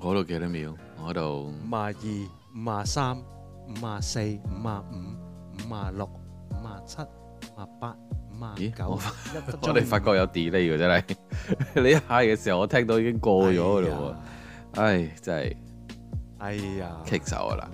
我度幾多秒？我度五啊二、五啊三、五啊四、五啊五、五啊六、五啊七、五啊八、五啊九。我出嚟發覺有 delay 嘅真係，你一 hi 嘅時候我聽到已經過咗嘅嘞喎！唉，真係，哎呀，哎哎呀棘手樣啊啦！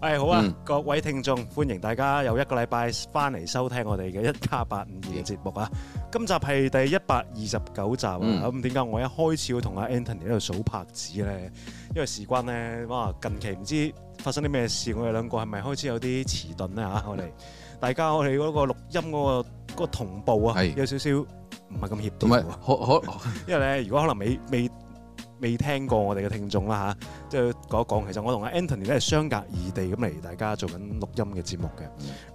哎，好啊，各位聽眾，歡迎大家又一個禮拜翻嚟收聽我哋嘅一家八五二嘅節目啊！嗯今集係第一百二十九集啊！咁點解我一開始要同阿 Anthony 喺度數拍子咧？因為事關咧，哇！近期唔知發生啲咩事，我哋兩個係咪開始有啲遲鈍咧嚇？ 我哋大家我哋嗰個錄音嗰個嗰個同步啊，是有少少唔係咁協調。唔係，可 因為咧，如果可能未未。未聽過我哋嘅聽眾啦嚇，即係講一講，其實我同阿 Anthony 咧係相隔異地咁嚟，大家做緊錄音嘅節目嘅。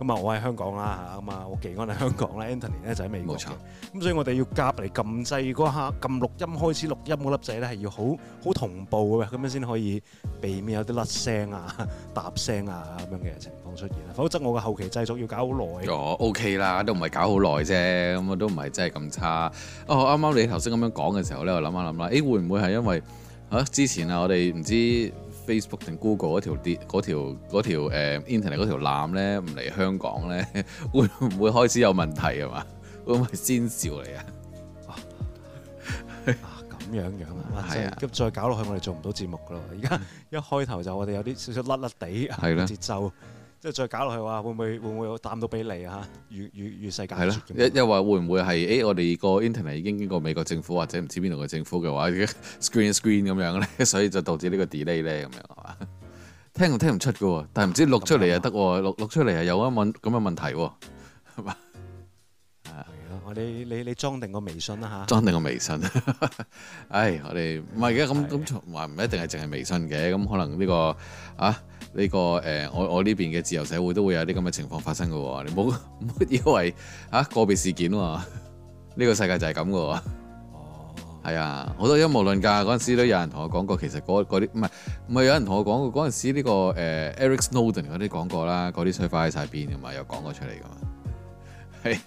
咁啊，我喺香港啦嚇，咁啊，我技安喺香港咧，Anthony 咧就喺美國。冇錯。咁所以我哋要夾嚟撳掣嗰刻，撳錄音開始錄音嗰粒掣咧係要好好同步㗎，咁樣先可以避免有啲甩聲啊、嗒聲啊咁樣嘅事情。出現，否則我嘅後期製作要搞好耐。咗 OK 啦，都唔係搞好耐啫，咁我都唔係真係咁差。哦，啱啱你頭先咁樣講嘅時候咧，我諗下諗下，誒、欸、會唔會係因為嚇、啊、之前啊？我哋唔知 Facebook 定 Google 嗰條跌，嗰條，條、呃、Internet 嗰條纜咧唔嚟香港咧，會唔會開始有問題係嘛？會唔會先兆嚟啊？咁樣樣啊，係啊，咁再搞落去我哋做唔到節目噶咯。而家一開頭就我哋有啲少少甩甩地嘅節奏。即係再搞落去話，會唔會會唔會打唔到比例啊？越越越世界係咯，又又話會唔會係誒、欸？我哋個 internet 已經經過美國政府或者唔知邊度嘅政府嘅話，screen screen 咁樣咧，所以就導致呢個 delay 咧咁樣係嘛？聽就聽唔出嘅喎，但係唔知錄出嚟就得，錄錄出嚟係有咁嘅問咁嘅問題喎係嘛？係啊的，我哋， 你你裝定個微信啊？嚇，裝定個微信。唉、 哎，我哋唔係嘅，咁咁還唔一定係淨係微信嘅，咁可能呢、呢個啊。呢、這個誒、呃，我我呢邊嘅自由社會都會有啲咁嘅情況發生嘅喎、哦，你唔好以為嚇、啊、個別事件喎、哦？呢、這個世界就係咁嘅喎。哦，係、哦、啊，好多陰謀論嘅嗰陣時都有人同我講過，其實嗰啲唔係唔係有人同我講過嗰陣時呢、這個誒、呃、Eric Snowden 嗰啲講過啦，嗰啲碎花喺晒邊同埋又講過出嚟嘅嘛，係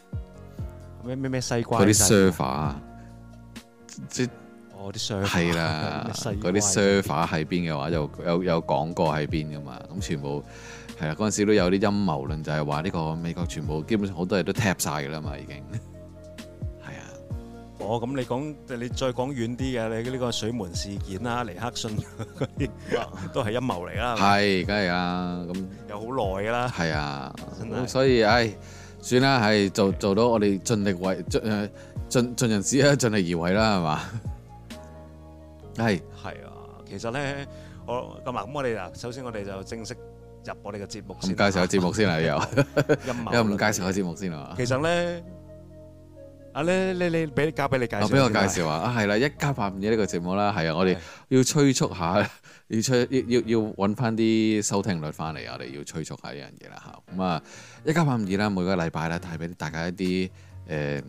咩咩咩西瓜嗰啲 server 係、哦、啦，嗰啲 server 喺邊嘅話，就有有講過喺邊噶嘛。咁全部係啦，嗰陣時都有啲陰謀論，就係話呢個美國全部基本上好多嘢都 tap 晒噶啦嘛。已經係啊，哦，咁你講你再講遠啲嘅，你呢個水門事件啦、啊，尼克遜啲 都係陰謀嚟啦，係梗係啊。咁有好耐噶啦，係啊，所以唉，算啦，係做做到我哋盡力為盡盡盡人事啊，盡力而為啦，係嘛。係，係啊，其實咧，我咁啊，咁我哋嗱，首先我哋就正式入我哋嘅節目先，介紹下節目先啊， 又，又唔介紹下節目先啊？ 其實咧， 啊，你你你俾交俾你介紹，俾我介紹啊，係啦，一家852呢個節目啦，係啊，我哋要催促下，要催要要要搵翻啲收聽率翻嚟，我哋要催促下呢樣嘢啦嚇。咁啊，一家852啦，每個禮拜咧，帶俾大家一啲誒。呃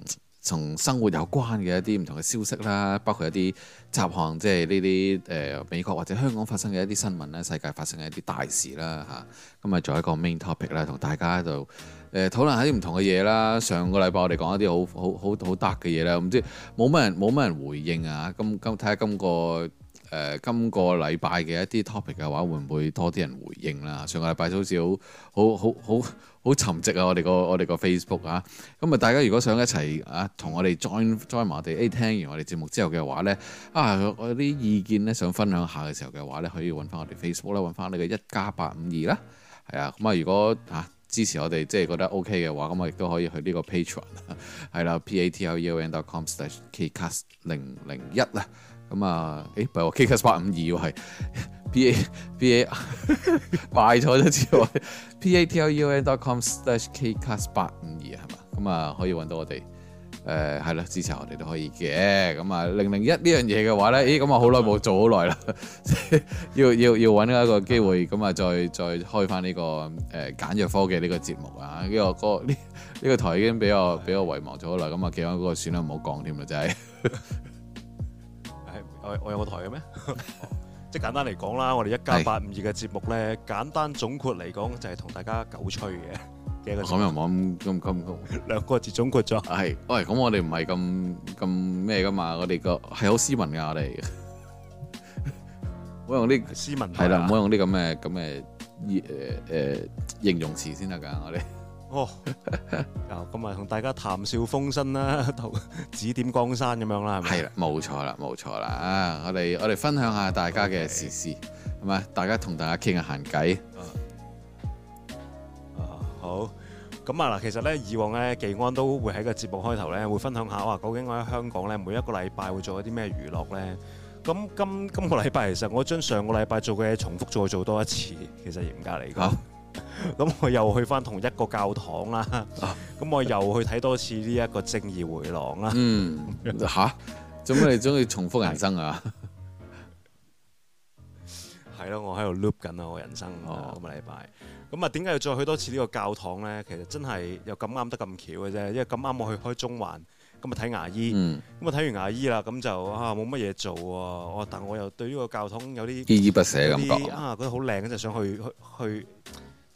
同生活有關嘅一啲唔同嘅消息啦，包括一啲雜項，即係呢啲誒美國或者香港發生嘅一啲新聞咧，世界發生嘅一啲大事啦嚇、啊。今日做一個 main topic 咧，同大家喺度誒、呃、討論下啲唔同嘅嘢啦。上個禮拜我哋講一啲好好好好 dark 嘅嘢啦，唔知冇乜人冇乜人回應啊。今今睇下今個誒、呃、今個禮拜嘅一啲 topic 嘅話，會唔會多啲人回應啦、啊？上個禮拜好似好好好好。好沉寂啊！我哋個我哋個 Facebook 啊，咁啊大家如果想一齊啊同我哋 join join 埋我哋，誒聽完我哋節目之後嘅話咧，啊我有啲意見咧想分享下嘅時候嘅話咧，可以揾翻我哋 Facebook 啦，揾翻你嘅一家八五二啦，係啊，咁啊如果啊支持我哋即係覺得 OK 嘅話，咁啊，亦都可以去呢個 p a t r o n 係啦 p a t o e o n c o m k c a s t 零零一啊，咁啊誒唔係我 k c a 八五二喎係。P A P A，買 咗咗之外，P A T L U N dot com slash K 卡八五二係嘛？咁啊可以揾到我哋，誒係啦，支持我哋都可以嘅。咁啊零零一呢樣嘢嘅話咧，咦咁啊好耐冇做好耐啦， 要要要揾一個機會，咁啊再再開翻、這、呢個誒、呃、簡約科技呢個節目啊！呢、這個嗰呢、這個台已經俾 我俾我遺忘咗啦，咁啊寄翻嗰個錢都唔好講添啦，就係。我我有個台嘅咩？ 即係簡單嚟講啦，我哋一家八五二嘅節目咧，是簡單總括嚟講就係、是、同大家狗吹嘅嘅一個咁又唔咁咁咁咁。 兩個字總括咗。係，喂，咁我哋唔係咁咁咩㗎嘛？我哋個係好斯文㗎，我哋。唔 好 用啲斯文。係啦，唔好用啲咁嘅咁嘅誒誒形容詞先得㗎，我哋。 哦，咁啊，同大家談笑風生啦，同指點江山咁樣啦，係咪？係啦，冇錯啦，冇錯啦啊！我哋我哋分享下大家嘅時事，係咪？大家同大家傾下閒偈。Uh, uh, 好。咁啊嗱，其實咧，以往咧，技安都會喺個節目開頭咧，會分享下，哇！究竟我喺香港咧，每一個禮拜會做一啲咩娛樂咧？咁今今個禮拜，其實我將上個禮拜做嘅嘢重複再做多一次，其實嚴格嚟講。Uh. 咁我又去翻同一個教堂啦，咁我又去睇多次呢一個正義回廊啦。嗯，吓，做咩你中意重複人生啊？係咯，我喺度 loop 緊啊，我人生啊，今個禮拜。咁啊，點解要再去多次呢個教堂咧？其實真係又咁啱得咁巧嘅啫，因為咁啱我去開中環，咁啊睇牙醫，咁啊睇完牙醫啦，咁就啊冇乜嘢做啊，我但我又對呢個教堂有啲依依不捨嘅感覺啊，覺得好靚嘅，就想去去去。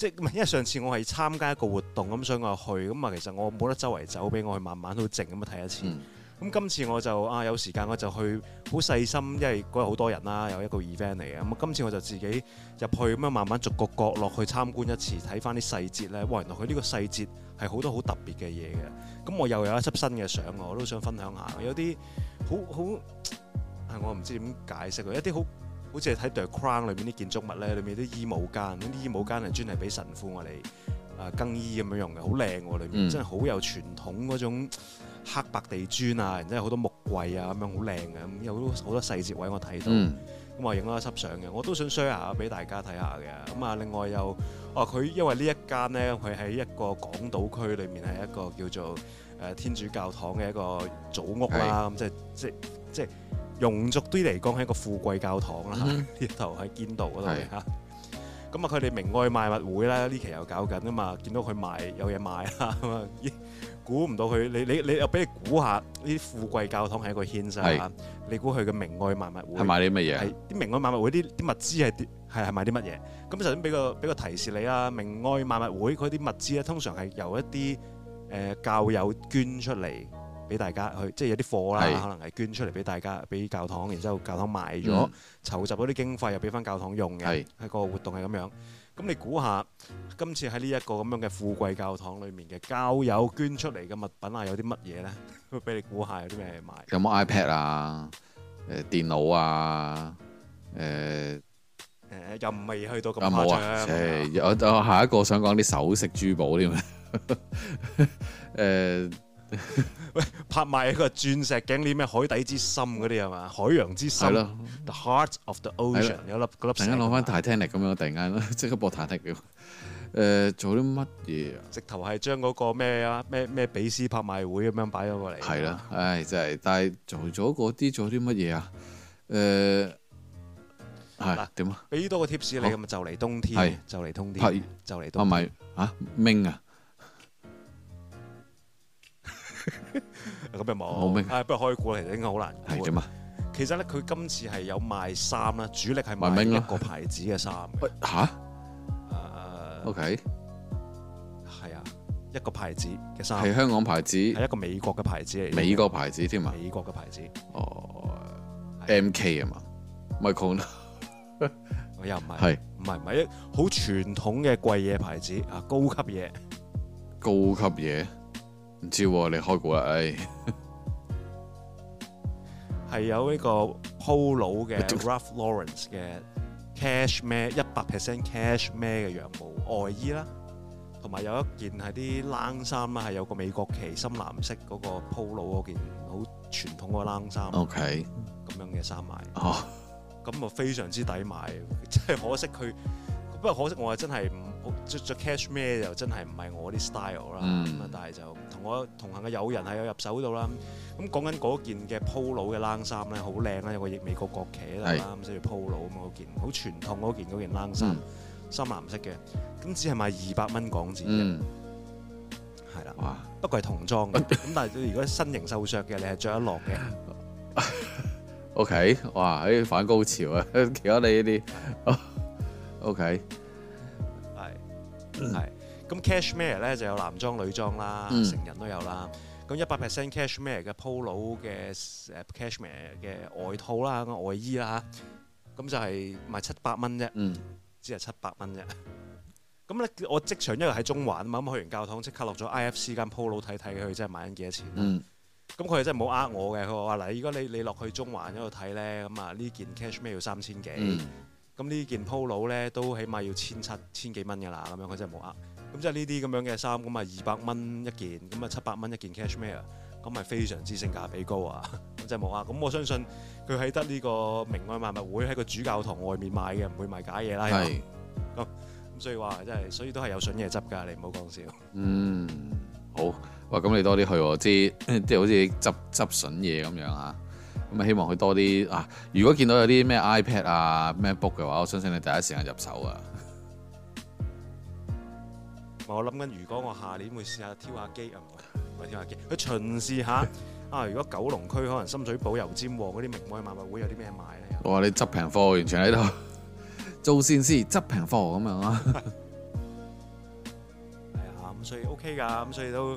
即因為上次我係參加一個活動咁，所以我去咁啊，其實我冇得周圍走，俾我去慢慢好靜咁睇一次。咁、嗯嗯、今次我就啊有時間，我就去好細心，因為嗰日好多人啦，有一個 event 嚟嘅。咁、嗯、今次我就自己入去咁樣慢慢逐個角落去參觀一次，睇翻啲細節咧。哇，原來佢呢個細節係好多好特別嘅嘢嘅。咁、嗯、我又有一輯新嘅相，我都想分享下。有啲好好，我唔知點解釋，一啲好。好似睇 The Crown 裏面啲建築物咧，裏面啲衣帽間，啲衣帽間係專係俾神父我哋啊更衣咁樣用嘅，好靚喎！裏面、嗯、真係好有傳統嗰種黑白地磚啊，然之後好多木櫃啊，咁樣好靚嘅，咁有好多細節位我睇到，咁、嗯嗯、我影咗一輯相嘅，我都想 share 下俾大家睇下嘅。咁、嗯、啊，另外又啊，佢因為呢一間咧，佢喺一個港島區裏面係一個叫做誒、呃、天主教堂嘅一個祖屋啦、啊，咁是、嗯、即係即係即係。庸俗啲嚟講係一個富貴教堂啦，呢頭喺堅道嗰度嚇。咁啊，佢哋明愛賣物會啦，呢期又搞緊啊嘛。見到佢賣有嘢賣啊嘛，估唔到佢你你你又俾你估下呢？富貴教堂係一個謙細嚇，你估佢嘅明愛賣物會係賣啲咩嘢？係啲明愛賣物會啲啲物資係係係賣啲乜嘢？咁首先俾個俾個提示你啊，明愛賣物會佢啲物資咧，通常係由一啲誒教友捐出嚟。俾大家去，即係有啲貨啦，可能係捐出嚟俾大家，俾教堂，然之後教堂賣咗，籌集嗰啲經費又俾翻教堂用嘅，係個活動係咁樣。咁你估下，今次喺呢一個咁樣嘅富貴教堂裏面嘅教友捐出嚟嘅物品啊，有啲乜嘢咧？俾你估下，有啲咩賣？有冇 iPad 啊？誒電腦啊？誒誒又唔係去到咁誇張啊！我我下一個想講啲首飾珠寶添啊！誒。喂，拍賣係嗰個鑽石頸啲咩？海底之心嗰啲係嘛？海洋之心，The Heart of the Ocean，有粒。等下攞翻 Titanic 咁樣，突然間即刻播 Titanic 誒，做啲乜嘢？直頭係將嗰個咩啊咩咩比斯拍賣會咁樣擺咗過嚟。係啦，唉，就係，但係做咗嗰啲，做啲乜嘢啊？誒，係點啊？俾多個貼士，你咁啊，就嚟冬天，係就嚟冬天，係就嚟。啊咪啊明啊！咁又冇，不如開估啦，其實應該好難估嘅。係啫嘛，其實咧佢今次係有賣衫啦，主力係賣一個牌子嘅衫。吓，OK，係啊，一個牌子嘅衫，係香港牌子，係一個美國嘅牌子嚟，美國牌子添啊，美國嘅牌子，哦，MK 啊嘛，Michael，我又唔係，係唔係唔係一好傳統嘅貴嘢牌子啊，高級嘢，高級嘢。唔知喎、啊，你開估啊？係、哎、 有呢個 Polo 嘅 Ralph Lauren 嘅 cashmere 一百 percent cashmere 嘅羊毛外衣啦，同埋有一件係啲冷衫啦，係有個美國旗深藍色嗰個 Polo 嗰件好傳統嗰冷衫，OK 咁樣嘅衫、oh. 買，哦，咁啊非常之抵買，即係可惜佢，不過可惜我啊真係唔著著 cashmere 又真係唔係我啲 style 啦，咁啊、嗯、但係就。我同行嘅友人喺我入手到啦，咁講緊嗰件嘅 Polo 嘅冷衫咧，好靚啦，有個美國國旗啦，咁即係 Polo 啊嘛，嗰件好傳統嗰件嗰件冷衫，深藍色嘅，咁只係賣二百蚊港紙啫，係啦，哇，不過係童裝嘅，咁但係如果身形瘦削嘅，你係著得落嘅。OK，哇，誒反高潮啊，其他你呢啲，OK，係係。咁 Cashmere 咧就有男裝女裝啦，成人都有啦。咁一百、嗯、percent Cashmere 嘅 Polo 嘅、啊、Cashmere 嘅外套啦，外衣啦，咁就係賣七百蚊啫，嗯、只係七百蚊啫。咁咧我即場一路喺中環啊嘛，咁去完教堂即刻落咗 IFC 間 Polo 睇睇佢真係賣緊幾多錢。咁佢、嗯、真係冇呃我嘅。佢話：嗱，如果你你落去中環一路睇咧，咁啊呢件 Cashmere 要三千幾，咁、嗯、呢件 Polo 咧都起碼要 17, 千七千幾蚊㗎啦。咁樣佢真係冇呃。咁即係呢啲咁樣嘅衫，咁啊二百蚊一件，咁啊七百蚊一件 cashmere，咁咪非常之性價比高啊！真係冇啊！咁我相信佢喺得呢個明愛賣物會喺個主教堂外面買嘅，唔會賣假嘢啦。係是。咁咁所以話真係，所以都係有筍嘢執㗎，你唔好講笑。嗯，好。哇！咁你多啲去，即即係好似執執筍嘢咁樣啊。咁啊，希望佢多啲啊！如果見到有啲咩 iPad 啊、咩 book 嘅話，我相信你第一時間入手啊。我諗緊，如果我下年會試下挑下機啊，唔係挑下機去巡視下啊！如果九龍區可能深水埗、油尖旺嗰啲名門物物會有啲咩賣咧？我話你執平貨，完全喺度做線師，執平貨咁樣咯。係啊，咁所以 OK 噶，咁所以都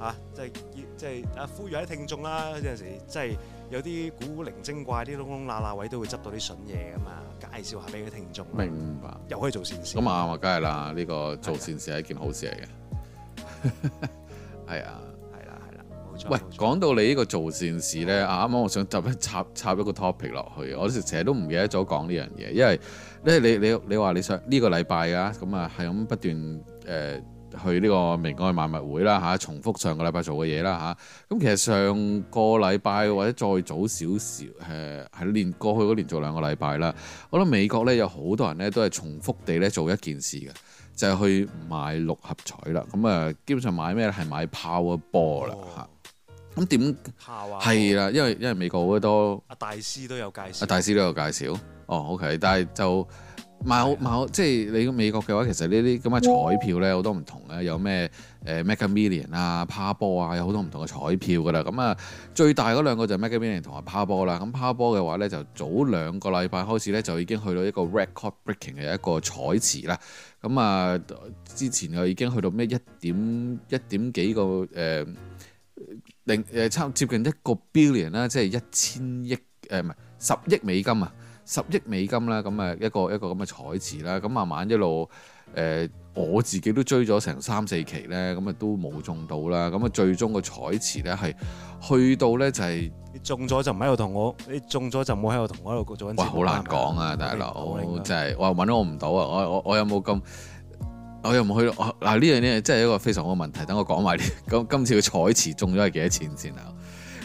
啊，即係即係啊，呼籲啲聽眾啦，有陣時即係有啲古靈精怪、啲窿窿罅罅位都會執到啲筍嘢噶嘛。介紹下俾佢聽眾，明白，又可以做善事。咁啊，梗係啦，呢個做善事係一件好事嚟嘅。係啊，係啦，係啦，冇錯。喂，講錯到你呢個做善事咧，啊啱啱我想插插插一個 topic 落去，的我成日都唔記得咗講呢樣嘢，的因為你你你你話你想呢個禮拜啊，咁啊係咁不斷誒。呃去呢個明愛賣物會啦嚇、啊，重複上個禮拜做嘅嘢啦嚇。咁、啊、其實上個禮拜或者再早少少，誒喺連過去嗰年做兩個禮拜啦、啊。我諗美國咧有好多人咧都係重複地咧做一件事嘅，就係、是、去買六合彩啦。咁、啊、誒，基本上買咩咧？係買 Powerball 啦、啊、咁點？係啦，因為因為美國好多阿、啊、大師都有介紹，阿、啊、大師都有介紹。哦、啊、OK，但係就。買好買好，即係你美國嘅話，其實呢啲咁嘅彩票咧好多唔同咧，有咩誒、呃、Mega Million 啊、趴波啊，有好多唔同嘅彩票噶啦。咁啊，最大嗰兩個就係 Mega Million 同埋趴波啦。咁趴波嘅話咧，就早兩個禮拜開始咧，就已經去到一個 record-breaking 嘅一個彩池啦。咁啊，之前就已經去到咩一點一點幾個誒、呃、零誒差接近一個 billion 啦、啊，即係一千億誒唔係十億美金啊！十億美金啦，咁啊一個一個咁嘅彩池啦，咁慢慢一路誒、呃，我自己都追咗成三四期咧，咁啊都冇中到啦，咁啊最終個彩池咧係去到咧就係、是、你中咗就唔喺度同我，你中咗就冇喺度同我喺度做緊。喂，好難講啊，大佬，即係哇揾我唔到啊，okay, 我、嗯、我我，我，我有冇咁，我又唔去。嗱呢樣嘢真係一個非常好嘅問題。等我講埋啲，咁今次嘅彩池中咗係幾多錢先啊？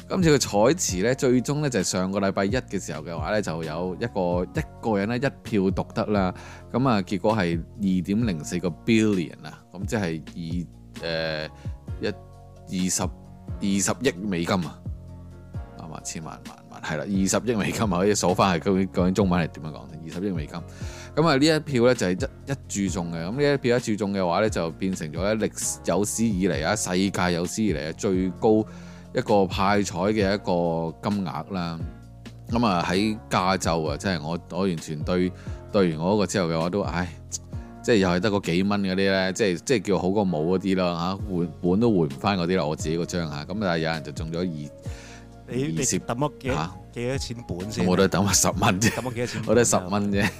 今次個彩池咧，最終咧就係、是、上個禮拜一嘅時候嘅話咧，就有一個一個人咧一票獨得啦。咁、嗯、啊，結果係二點零四個 billion 啊，咁即係二誒一二十二十億美金啊，萬萬千萬萬萬係啦，二十億美金啊，可以數翻係究竟究竟中文係點樣講？二十億美金。咁、嗯、啊，呢一票咧就係、是、一一注中嘅。咁呢一票一注中嘅話咧，就變成咗咧歷史、有史以嚟啊，世界有史以嚟嘅最高。一個派彩嘅一個金額啦，咁啊喺加州就啊，即係我我完全對對完我嗰個之後嘅話，我都唉，即係又係得個幾蚊嗰啲咧，即係即係叫好過冇嗰啲咯嚇，換本都換唔翻嗰啲啦，我自己個張嚇，咁啊有人就中咗二，你二色你抌咗幾多幾、啊、錢本先？我都抌咗十蚊啫，抌咗幾多錢？我都係十蚊啫。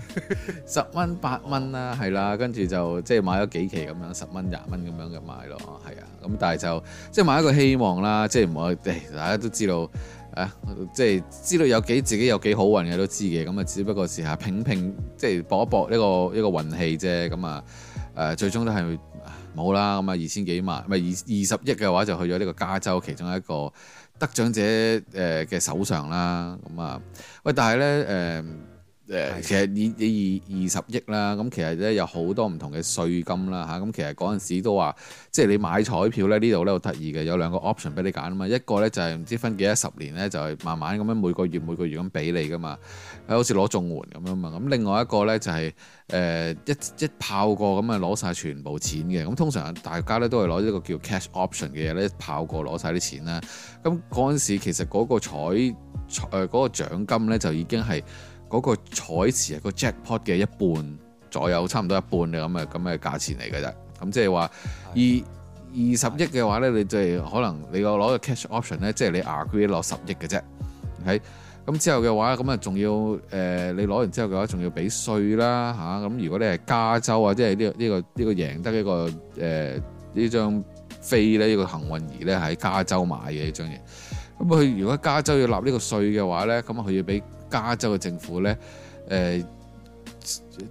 十蚊八蚊啦，係啦，跟住就即係買咗幾期咁樣，十蚊廿蚊咁樣嘅買咯，係啊，咁但係就即係買一個希望啦，即係唔好，大家都知道啊，即係知道有幾自己有幾好運嘅都知嘅，咁啊，只不過試下拼拼，即係搏一搏呢個一個運氣啫，咁啊，誒，最終都係冇啦，咁啊、嗯，二千幾萬，咪二二十億嘅話就去咗呢個加州其中一個得獎者誒嘅手上啦，咁啊，喂，但係咧，誒、嗯。誒，其實二二二十億啦，咁其實咧有好多唔同嘅稅金啦嚇。咁其實嗰陣時都話，即係你買彩票咧呢度咧好得意嘅，有兩個 option 俾你揀啊嘛。一個咧就係唔知分幾多十年咧，就係、是、慢慢咁樣每個月每個月咁俾你噶嘛，好似攞綜援咁啊嘛。咁另外一個咧就係、是、誒、呃、一一炮過咁啊，攞晒全部錢嘅。咁通常大家咧都係攞一個叫 cash option 嘅嘢咧一炮過攞晒啲錢啦。咁嗰陣時其實嗰個彩誒嗰、呃那個獎金咧就已經係。嗰個彩池係個 jackpot 嘅一半左右，差唔多一半嘅咁嘅咁嘅價錢嚟嘅啫。咁即係話二二十億嘅話咧，你就可能你個攞個 cash option 咧，即係你 agree 攞十億嘅啫。喺咁之後嘅話，咁啊仲要誒、呃、你攞完之後嘅話，仲要俾稅啦嚇。咁如果你係加州啊，即係呢個呢個呢個贏得呢個誒呢、呃、呢張飛咧呢個幸運兒咧喺加州買嘅呢張嘢。咁佢如果加州要納呢個稅嘅話咧，咁佢要俾。加州嘅政府咧，誒、呃，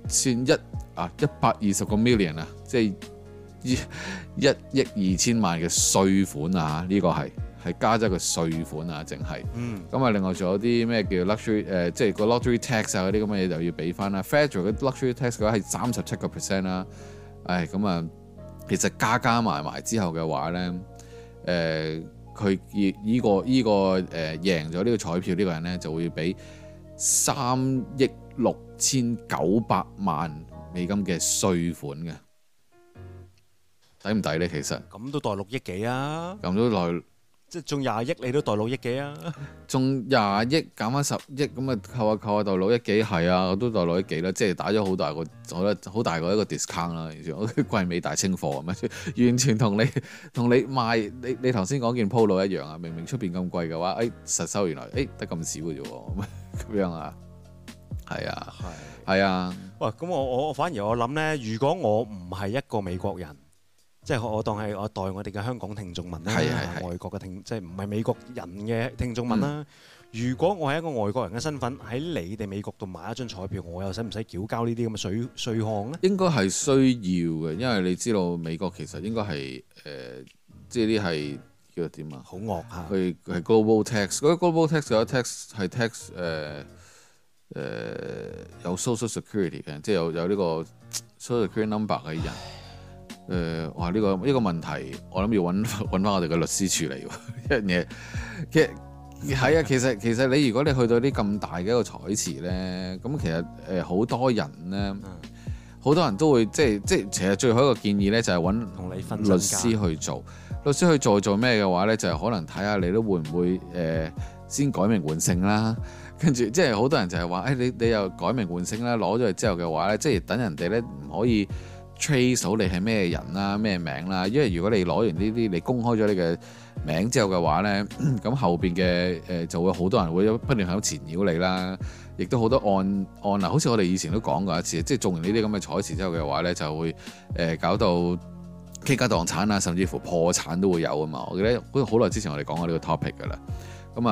算一啊一百二十個 million 啊，即係一一億二千萬嘅稅款啊，呢、呢個係係加州嘅稅款啊，淨係。咁啊、嗯，另外仲有啲咩叫 luxury 誒、呃，即係個 lottery tax 啊嗰啲咁嘅嘢就要俾翻啦。嗯、Federal 嘅 luxury tax 嘅話係三十七個 percent 啦。誒、啊，咁、哎、啊，其實加加埋埋之後嘅話咧，誒、呃，佢呢、呢個依、呢個誒贏咗呢個彩票呢個人咧就會俾。三億六千九百萬美金嘅稅款㗎，抵唔抵呢？其實咁都袋六億幾啊？咁都代。即係仲廿億，你都代六億幾啊？仲廿億減翻十億，咁啊扣下扣下，代六億幾係啊？我都代六億幾啦，即係打咗好大個，我覺得好大個一個 discount 啦。完全我櫃尾大清貨咁樣， 完全同你同你賣你你頭先講件 Polo 一樣啊！明明出邊咁貴嘅話，誒、哎、實收原來誒得咁少嘅啫，咁、哎、 樣啊？係啊的，係係啊。的喂，咁我我反而我諗咧，如果我唔係一個美國人。即係我當係我代我哋嘅香港聽眾問啦，係係係外國嘅聽即係唔係美國人嘅聽眾問啦。嗯、如果我係一個外國人嘅身份喺你哋美國度買一張彩票，我又使唔使繳交呢啲咁嘅稅稅項咧？應該係需要嘅，因為你知道美國其實應該係誒、呃，即係呢啲係叫做點啊？好惡啊！佢係 global tax，嗰啲 global tax 有啲 tax 係 tax 誒誒有 social security 嘅，即係有有呢個 social security number 嘅人。誒、呃，哇！呢、這個呢、這個問題，我諗要揾揾翻我哋嘅律師處理呢 樣嘢。其實係啊，其實其實你如果你去到啲咁大嘅一個彩池咧，咁其實誒好多人咧，好、嗯、多人都會即係即係，其實最後一個建議咧就係、是、揾律師去做。律師去做做咩嘅話咧，就係、是、可能睇下你都會唔會誒、呃、先改名換姓啦。跟住即係好多人就係話誒，你你又改名換姓啦，攞咗嚟之後嘅話咧，即係等人哋咧唔可以。 Trace 到你係咩人啦、咩名啦，因為如果你攞完呢啲，你公開咗你嘅名之後嘅話呢，咁後邊嘅誒就會好多人會不斷喺度纏繞你啦，亦都好多案案啊，好似我哋以前都講過一次，即係做完呢啲咁嘅彩池之後嘅話呢，就會誒、呃、搞到傾家蕩產啊，甚至乎破產都會有啊嘛。我記得好好耐之前我哋講過呢個 topic 㗎啦。咁、嗯、啊，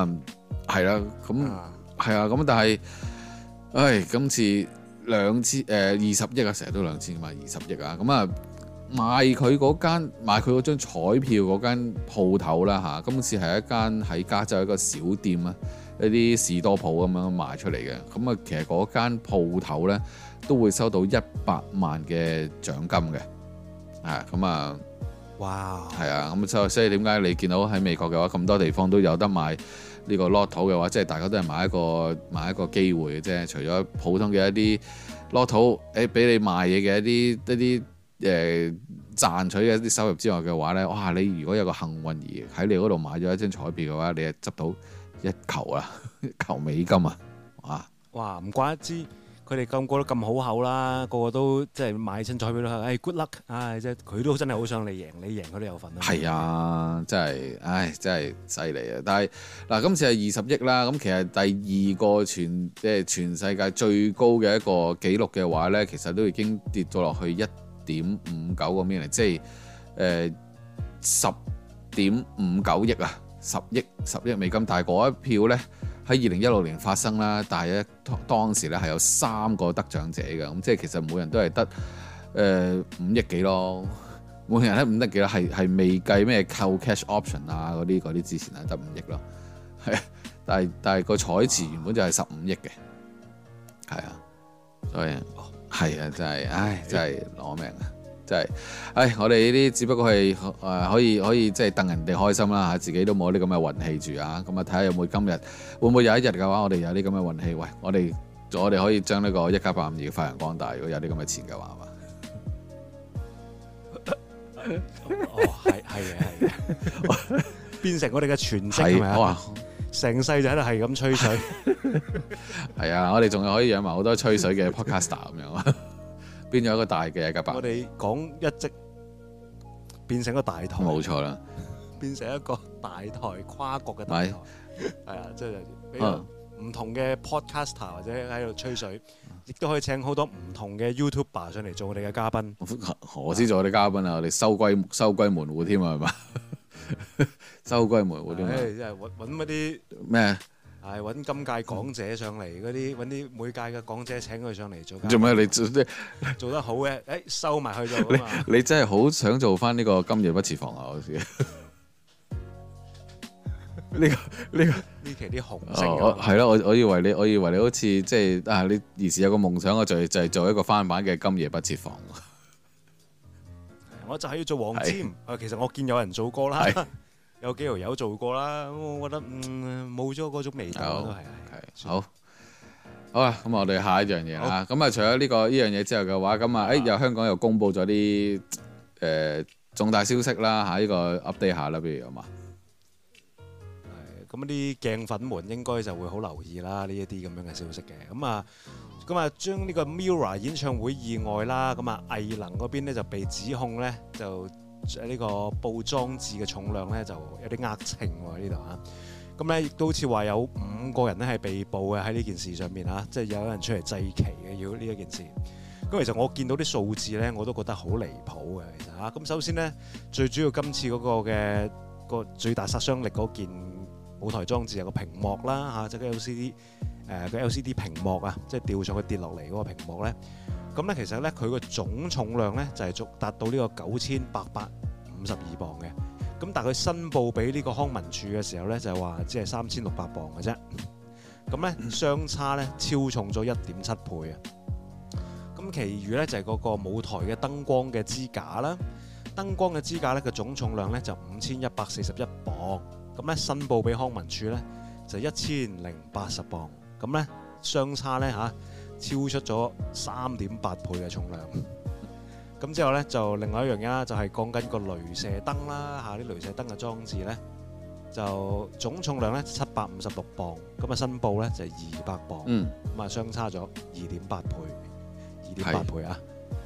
係啦，咁係、嗯、啊，咁但係，唉，今次。兩千誒二十億啊，成日都兩千嘛，二十億啊，咁、嗯、啊賣佢嗰間賣佢嗰張彩票嗰間鋪頭啦嚇，今次係一間喺加州一個小店啊，一啲士多鋪咁樣賣出嚟嘅。咁、嗯、啊其實嗰間鋪頭呢都會收到一百萬嘅獎金嘅。啊咁、嗯、啊，哇 Wow.、嗯，係啊，咁所以所以點解你見到喺美國嘅話咁多地方都有得賣？呢個 lotto 嘅話，即係大家都係買一個買一個機會嘅啫。除咗普通嘅一啲 lotto，俾、欸、你賣嘢嘅一啲一啲誒、呃、賺取嘅一啲收入之外嘅話咧，哇！你如果有個幸運兒喺你嗰度買咗一張彩票嘅話，你啊執到一球啊，球美金啊，啊！哇！唔怪一支。佢哋咁過得咁好口啦，個個都即係買親彩票啦。誒，哎，good luck！唉，哎，即係佢都真係好想你贏，你贏佢都有份啊。係啊，真係，唉，哎，真係犀利啊！但係嗱，今次係二十億啦。咁其實第二個全即係全世界最高嘅一個紀錄嘅話咧，其實都已經跌咗落去一點五九個 m 嚟，即係誒十點五九億啊，十億十億美金。但係嗰一票咧。喺二零一六年發生啦，但係咧當時咧係有三個得獎者嘅，咁即係其實每人都係得誒五億幾咯，每人咧五億幾啦，係，係未計咩扣 cash option 啊嗰啲啲，之前咧得五億咯，係，但係但係個彩池原本就係十五億嘅，係啊，所以係啊，真係唉，真係攞命啊！即係，唉、哎，我哋呢啲只不過係誒可以可以即係等人哋開心啦嚇，自己都冇啲咁嘅運氣住啊，咁啊睇下有冇今日，會唔會有一日嘅話，我哋有啲咁嘅運氣，喂，我哋我哋可以將呢個一家八五二發揚光大，如果有啲咁嘅錢嘅話，係嘛？ 哦，係係嘅， 變成我哋嘅全職成世仔都喺度係咁吹水，係啊，我哋仲可以養埋好多吹水嘅 podcaster 咁樣 變咗一個大嘅㗎，白。我哋講一隻變成一個大台。冇錯啦，變成一個大台跨國嘅大台。係啊，即係俾唔同嘅 podcaster 或者喺度吹水，亦都可以請好多唔同嘅 YouTuber 上嚟做我哋嘅嘉賓。何之做我哋嘉賓啊？我哋收歸收歸門戶添啊？係嘛？收歸門戶添啊？誒，即係揾揾嗰啲咩？係揾、嗯、今屆港姐上嚟，嗰啲揾啲每屆嘅港姐請佢上嚟做。做咩你做得好嘅，誒、哎、收埋佢做啊，你真係好想做翻呢個《今夜不設防》啊！好似呢個呢、這個呢期啲紅色嘅。係咯、哦，我我以為你，我以為你好似即係啊！你以前有個夢想，就就是、係做一個翻版嘅《今夜不設防、啊》。 我就係要做黃霑。啊是，其實我見有人做過啦。是是 有幾條友做過啦，咁我覺得冇咗嗰種味道都係係，好好啊！咁啊，我哋下一樣嘢啦，咁啊，除咗呢個呢樣嘢之後嘅話，咁啊，誒又香港又公布咗啲誒重大消息啦嚇，呢個 update 下啦，譬如啊嘛，係咁啲鏡粉們應該就會好留意啦呢一啲咁樣嘅消息嘅，咁啊咁啊將呢個 MIRROR 演唱會意外啦，咁啊藝能嗰邊咧就被指控咧就。呢個布裝置嘅重量咧，就有啲額情喎呢度嚇。咁咧亦都好似話有五個人咧係被捕嘅喺呢件事上面嚇、啊，即係有人出嚟祭旗嘅要呢一件事。咁其實我見到啲數字咧，我都覺得好離譜嘅其實嚇、啊。咁、啊、首先咧，最主要今次嗰個嘅、個最大殺傷力嗰件舞台裝置有個屏幕啦嚇，即係 LCD 誒個 LCD、呃、LCD 屏幕啊，即係吊上去跌落嚟嗰個屏幕咧。咁咧，其實咧，佢個總重量咧就係足達到呢個九千八百五十二磅嘅。咁但係佢申報俾呢個康文署嘅時候咧，就係話只係三千六百磅嘅啫。咁咧相差咧超重咗一點七倍啊！咁，其餘咧就係嗰個舞台嘅燈光嘅支架啦。燈光嘅支架咧嘅總重量咧就五千一百四十一磅。咁咧申報俾康文署咧就一千零八十磅。咁咧相差咧吓。超出咗三點八倍嘅重量，咁之 後呢，就另外一樣嘢啦，就係講緊個雷射燈啦，嚇啲雷射燈嘅裝置呢，就總重量呢，七百五十六磅，咁啊申報呢，就二、是、百磅，咁啊、嗯、相差咗二點八倍，二點八倍啊！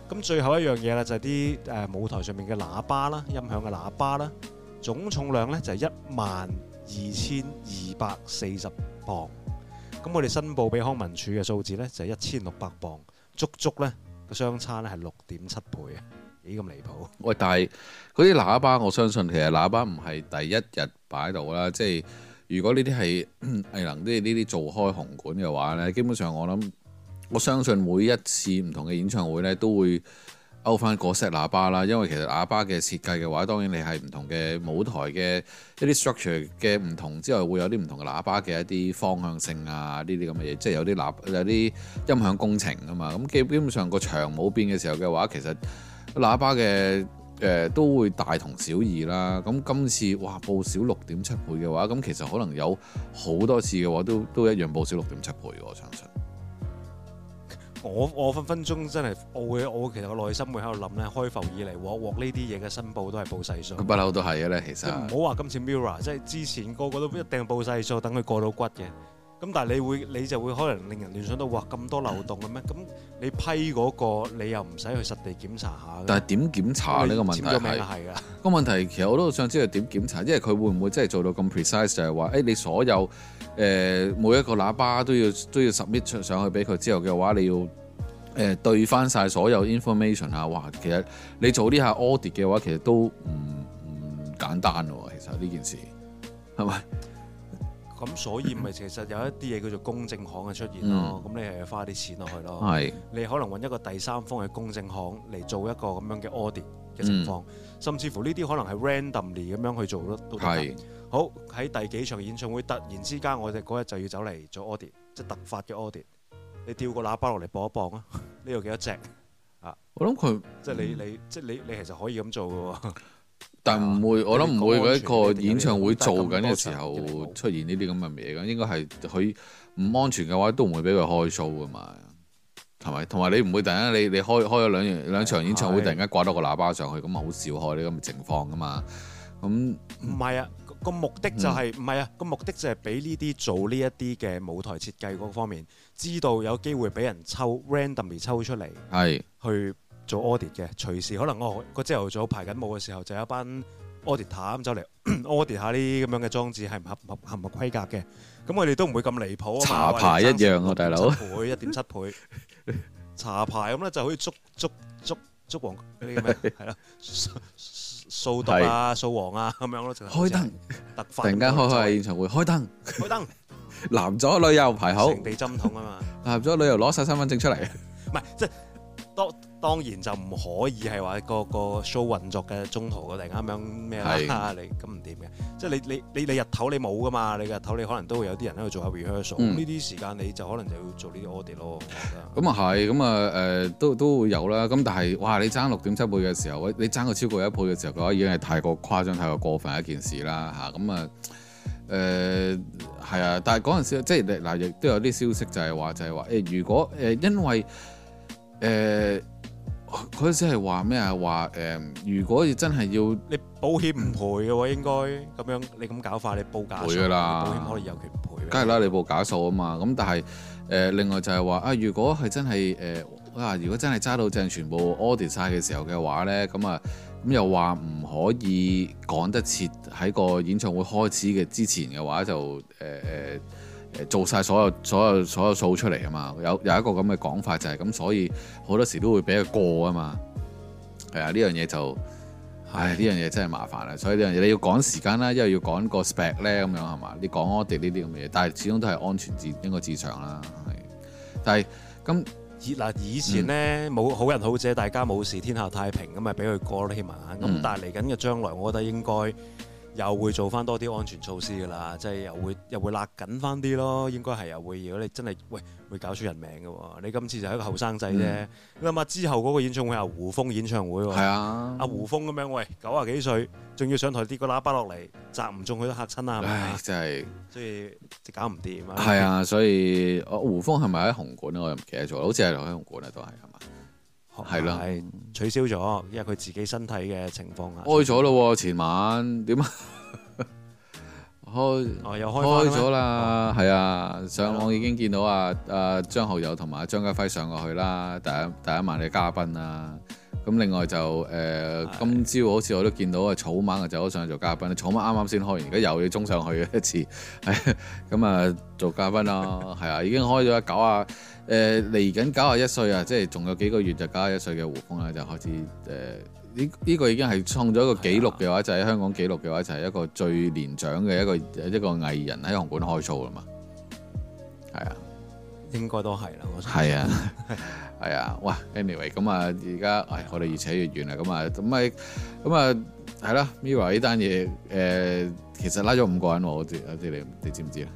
咁是最後一樣嘢呢，就係啲誒舞台上面嘅喇叭啦，音響嘅喇叭啦，總重量呢，就係一萬二千二百四十磅。咁我哋申報俾康文署嘅數字呢，就係一千六百磅，足足呢個相差呢係六點七倍啊！幾咁離譜？喂，但係嗰啲喇叭，我相信其實喇叭唔係第一日擺到啦。即係如果呢啲係藝能即係呢啲做開紅館嘅話呢，基本上我諗，我相信每一次唔同嘅演唱會呢，都會。勾翻個 set 喇叭啦，因為其實喇叭嘅設計嘅話，當然你係唔同嘅舞台嘅一啲 structure 嘅唔同之外，會有啲唔同嘅喇叭嘅一啲方向性啊，呢啲咁嘅嘢，即係有啲喇叭有啲音響工程啊嘛。咁基基本上個場冇變嘅時候嘅話，其實喇叭嘅誒、呃、都會大同小異啦。咁今次哇報少六點七倍嘅話，咁其實可能有好多次嘅話都都一樣報少六點七倍喎，我相信。我我分分鐘真係我會我其實個內心會喺度諗咧，開埠以嚟獲獲呢啲嘢嘅申報都係報細數。佢不嬲都係嘅咧，其實。唔好話今次 Mirror，即係之前個個都一定報細數，等佢過到骨嘅。咁但係你會你就會可能令人聯想到哇咁多漏洞嘅咩？咁你批嗰個你又唔使去實地檢查下。但係點檢查呢個問題係？個問題其實我都想知道點檢查，因為佢會唔會真係做到咁 precise 就係話誒你所有？誒每一個喇叭都要都要 submit 上上去俾佢之後嘅話，你要誒、呃、對翻晒所有 information 啊，話其實你做呢下 audit 嘅話，其實都唔唔簡單咯，其實呢件事係咪？咁所以咪其實有一啲嘢叫做公正行嘅出現咯，咁你係要花啲錢落去咯。係，你可能揾一個第三方嘅公正行嚟做一個咁樣嘅 audit 嘅情況，甚至乎呢啲可能係 randomly 咁樣去做咯，都係。好喺第幾場演唱會突然之間，我哋嗰日就要走嚟做 a u d i t 即係突發嘅 a u d i t 你吊個喇叭落嚟播一播 啊？呢度幾多隻啊？我諗佢即係你，你即係你，你其實可以咁做嘅喎。啊、但唔會，我諗唔會喺一個,個演唱會做緊嘅時候出現呢啲咁嘅嘢。咁應該係佢唔安全嘅話，都唔會俾佢開 show 嘅嘛。係咪？同埋你唔會突然間你你開開咗兩、哎、呀兩場演唱會，突然間掛多個喇叭上去咁，好少開呢咁嘅情況噶嘛。咁唔係啊。個目的就係唔係啊？個目的就係俾呢啲做呢一啲嘅舞台設計嗰方面，知道有機會俾人抽 randomly 抽出嚟，係是去做 audit 嘅。隨時可能我個朝頭早排緊舞嘅時候，就有一班 auditor 咁走嚟 audit 下呢啲咁樣嘅裝置係合合合唔合規格嘅。咁我哋都唔會咁離譜啊！茶牌一樣喎、啊，大佬，倍一點七倍，倍 茶牌咁咧就可以捉捉捉捉,捉王嗰啲咁樣，係啦。 掃毒啊，掃黃啊，咁樣咯。開燈燈，突然間開開下演唱會，開燈燈，開燈，男左女右排好，地針筒啊嘛，男左女右攞晒身份證出嚟，唔係即係多。當然就唔可以係話個個 show 運作嘅中途嗰陣咁樣咩啦對？你咁唔掂嘅，即係你你你你日頭你冇噶嘛？你日頭你可能都會有啲人喺度做下 rehearsal，呢啲時間你就可能就要做呢啲 audit 咯。咁啊係，咁啊誒都都會有啦。咁但係哇，你爭六點七倍嘅時候，你爭過超過一倍嘅時候，嗰個已經係太過誇張、太過過分一件事啦嚇。咁啊誒係、呃、啊，但係嗰陣時即係嗱，亦、呃、都有啲消息就係話就係話誒，如果誒因為誒。呃嗰陣時係話咩啊？話誒、呃，如果真要真係要你保險唔賠嘅喎，應該咁樣你咁搞法，你報假數唔賠嘅啦，保險可能有權唔賠。梗係啦，你報假數啊嘛。咁但係誒、呃，另外就係話啊，如果係真係誒、呃、啊，如果真係揸到正全部 order 晒嘅時候嘅話咧，咁啊咁又話唔可以趕得切喺個演唱會開始嘅之前嘅話就誒誒。呃做晒所有所有所有數出嚟啊嘛，有有一個咁嘅講法就係、是、咁，所以好多時都會俾佢過啊嘛，係啊呢樣嘢就，的唉呢樣嘢真係麻煩啊，所以呢樣嘢你要趕時間啦，因為要趕個 spec 咧咁樣係嘛，你講我哋呢啲咁嘅嘢，但係始終都係安全至應該至上啦，係。但係咁以嗱以前咧冇、嗯、好人好者，大家冇事天下太平咁咪俾佢過啦添啊，咁、嗯、但係嚟緊嘅將來，我覺得應該，又會做翻多啲安全措施㗎啦，即係又會又會勒緊翻啲咯，應該係又會。如果你真係喂，會搞出人命㗎喎！你今次就係一個後生仔啫，你諗下、嗯、之後嗰個演唱會係胡峯演唱會喎。係、嗯、啊，阿胡峯咁樣喂，九啊幾歲，仲要上台跌個喇叭落嚟，砸唔中佢都嚇親啊。係咪真係，就係、所以就搞唔掂啊！係啊，所以我胡峯係咪喺紅館啊？我又唔記得咗，好似係喺紅館啊，都係係咪？係咯，取消咗，因為佢自己身體嘅情況啊。開咗咯，前晚點 開啊？又開哦，有開咗啦，係啊，啊上網已經見到啊，阿、啊、張學友同埋張家輝上過去啦，第一第一晚嘅嘉賓啦、啊。咁另外就誒，呃啊、今朝好似我都見到啊，草蜢啊走咗上嚟做嘉賓，草蜢啱啱先開完，而家又要衝上去一次，咁啊做嘉賓啦，係 啊，已經開咗九啊。誒嚟緊九啊一歲啊，即係仲有幾個月就九啊一歲嘅胡楓咧，就開始誒呢呢個已經係創咗一個紀錄嘅話，就喺、啊、香港紀錄嘅話，就係、係、一個最年長嘅一個一個藝人喺紅館開 show 啊嘛，係啊，應該都係啦，我係啊係啊，哇，anyway 咁、嗯、啊，而家唉，我哋越扯越遠啦，咁啊，咁咪咁啊，係啦，Mirror 呢單嘢誒，其實拉咗五個人喎，我知我知你你，你，你，你知唔知啊？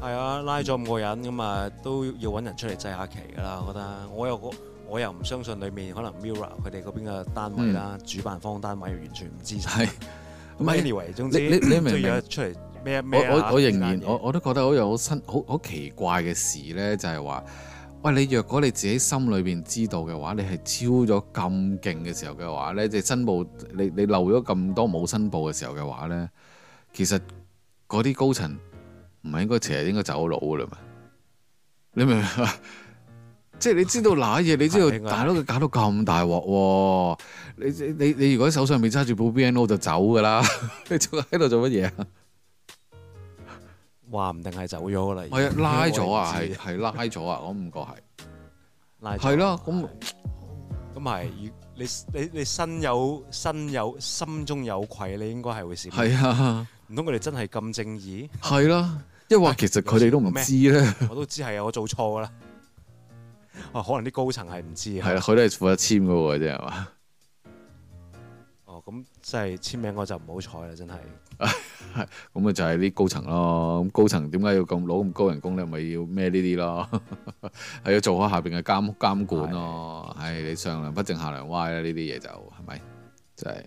係啊，拉咗五個人咁啊，都要揾人出嚟制下旗㗎啦。我覺得，我又我又唔相信裏面可能 mirror 佢哋嗰邊嘅單位啦，嗯、主辦方單位完全唔知曬。唔係，總之你你明唔明出嚟咩我我，、啊、我仍然我我都覺得好有新好好奇怪嘅事咧，就係、是、話，喂，你若果你自己心裏邊知道嘅話，你係超咗咁勁嘅時候嘅話咧、就是，你申報你你漏咗咁多冇申報嘅時候嘅話咧，其實嗰啲高層。唔係應該邪，應該走佬噶啦？你明唔明啊？ 即係你知道瀨嘢， 你知道大佬佢搞到咁大鑊，你你你，你如果手上未揸住部 B N O 就走噶啦，你仲喺度做乜嘢啊？話唔定係走咗噶啦，係啊，拉咗啊，係係拉咗啊，我唔覺係，係咯，咁咁係，你你你身有身有心中有愧，你應該係會閃。的唔通佢哋真係咁正義？係啦，因為話其實佢哋、哎、都唔知咧。我都知係啊，我做錯啦。 哦，可能啲高層係唔知啊。係佢都係負責簽噶喎，啫係嘛。哦，咁即係簽名我就唔好彩啦，真係。係， 咁啊就係啲高層咯。咁高層點解要咁攞咁高人工你咪、就是、要咩呢啲咯？係 要做好下邊嘅監監管咯。係的，哎、你上梁不正下梁歪啦，呢啲嘢就係咪？就係、是。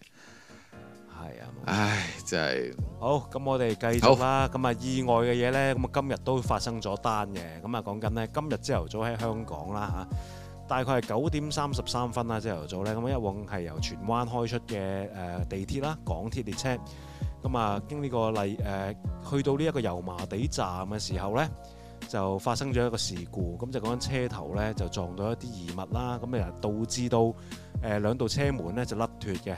係啊，唉，真係好，咁我哋繼續啦。咁啊，意外嘅嘢呢，咁啊今日都發生咗單嘅。咁啊，講緊呢，今日朝頭早喺香港啦吓，大概係九點三十三分啦，朝頭早呢，咁一往係由荃灣開出嘅誒地鐵啦，港鐵列車，咁啊經呢個麗誒去到呢一個油麻地站嘅時候呢，就發生咗一個事故，咁就講緊車頭呢就撞到一啲異物啦，咁啊導致到誒兩道車門呢就甩脫嘅。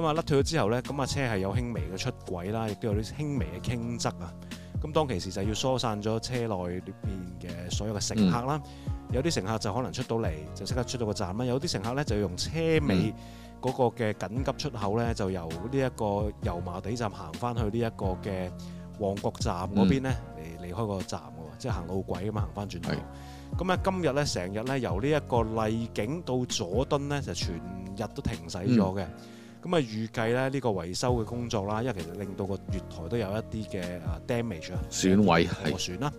咁啊，甩脫咗之後咧，咁啊車係有輕微嘅出軌啦，亦都有啲輕微嘅傾側啊。咁當其時就係要疏散咗車內裏邊嘅所有嘅乘客啦。有啲乘客就可能出到嚟，就即刻出到個站啦。有啲乘客咧就要用車尾嗰個嘅緊急出口咧，就由呢一個油麻地站行翻去呢一個嘅旺角站嗰邊咧嚟離開個站嘅喎，即係行路軌咁樣行翻轉頭。咁啊，今日咧成日咧由呢一個荔景到佐敦咧，就全日都停駛咗嘅。咁啊，預計咧呢、這個維修嘅工作啦，因為其實令到個月台都有一啲嘅誒 damage 啊毀，損毀係損啦，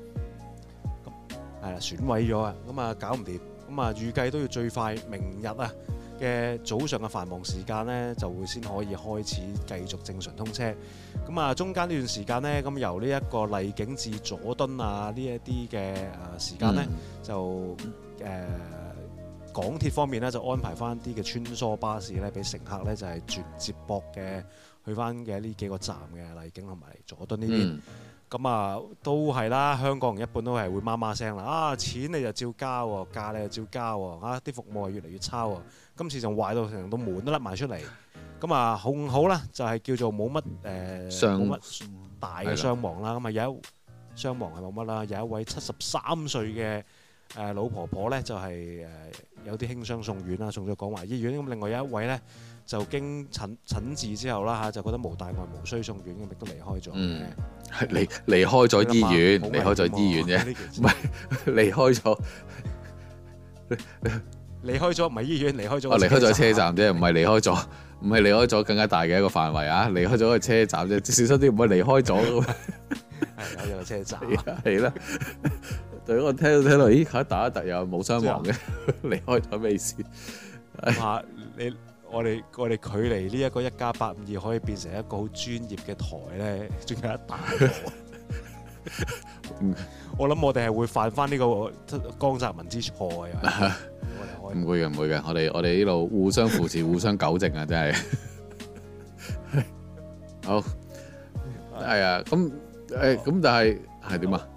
係損毀咗啊！咁啊的、嗯，搞唔掂，咁、嗯、啊，預計都要最快明日啊嘅早上嘅繁忙時間咧，就會先可以開始繼續正常通車。咁、嗯、啊，中間呢段時間咧，咁由呢一個荔景至佐敦啊呢一啲嘅誒時間咧，嗯、就誒。呃港鐵方面咧就安排翻啲嘅穿梭巴士咧，俾乘客咧就係接接駁嘅去翻嘅呢幾個站嘅荔景同埋佐敦呢邊。咁啊都係啦，香港人一般都係會媽媽聲啦。啊錢你就照交，價你就照交。啊啲服務係越嚟越差喎。今次就壞到成道門都甩埋出嚟。咁啊好唔好啦？就係叫做冇乜誒，冇乜大嘅傷亡啦。咁啊有一傷亡係冇乜啦，有一位七十三歲嘅。誒老婆婆咧就係誒有啲輕傷送院啦，送咗廣華醫院。咁另外有一位咧就經診診治之後啦嚇，就覺得無大礙，無需送院，咁亦都離開咗。嗯，離離開咗醫院，離開咗醫院啫，唔係離開咗離開咗唔係醫院，離開咗。哦，離開咗車站啫，唔係離開咗，唔係離開咗更加大嘅一個範圍啊！離開咗個車站啫，小心啲唔係離開咗嘅咩？係有個車站，係啦。我聽都聽到，咦？打一打又冇傷亡嘅，離吧 開咗咩事？話 你 我哋我哋距離呢一個一加八五二可以變成一個好專業嘅台咧，仲有一大。我諗我哋係會犯翻呢個江澤民之錯啊！唔會嘅，唔會嘅，我哋我哋呢度互相扶持， 互相糾正 啊！真係好係啊，咁誒，咁但係係點啊？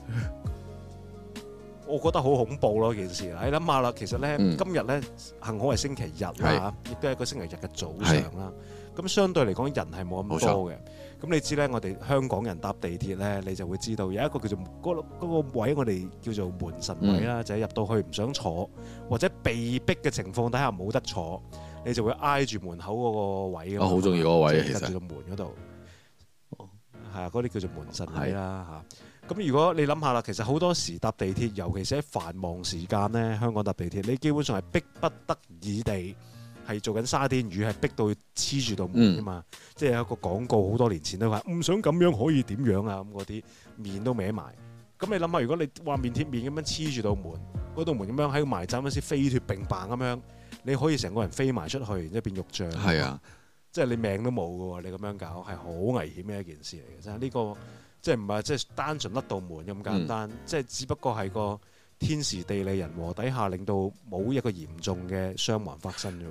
我覺得好恐怖咯！件事，你諗下啦，其實咧今日咧幸好係星期日啊，亦都係一個星期日嘅早上啦。咁相對嚟講，人係冇咁多嘅。咁你知咧，我哋香港人搭地鐵咧，你就會知道有一個叫做嗰嗰個位，我哋叫做門神位啦，就係入到去唔想坐或者被逼嘅情況底下冇得坐，你就會挨住門口嗰個位。我好中意嗰位，其實。隔住個門嗰度，係啊，嗰啲叫做門神位啦嚇。咁如果你諗下啦，其實好多時搭地鐵，尤其是喺繁忙時間咧，香港搭地鐵，你基本上係逼不得已地係做緊沙甸魚，係逼到黐住道門啊嘛。嗯、即係有個廣告好多年前都話，唔想咁樣可以點樣啊，咁嗰啲面都歪埋。咁你諗下，如果你話面貼面咁樣黐住道門嗰道，那個、門咁樣喺埋針嗰時飛脱並棒咁樣，你可以成個人飛埋出去，然之後變肉醬。係啊，即係你命都冇嘅喎，你咁樣搞係好危險嘅一件事嚟嘅，真係呢個。即係唔係即係單純甩道門咁簡單？嗯、即係只不過係個天時地利人和底下，令到冇一個嚴重嘅傷亡發生啫。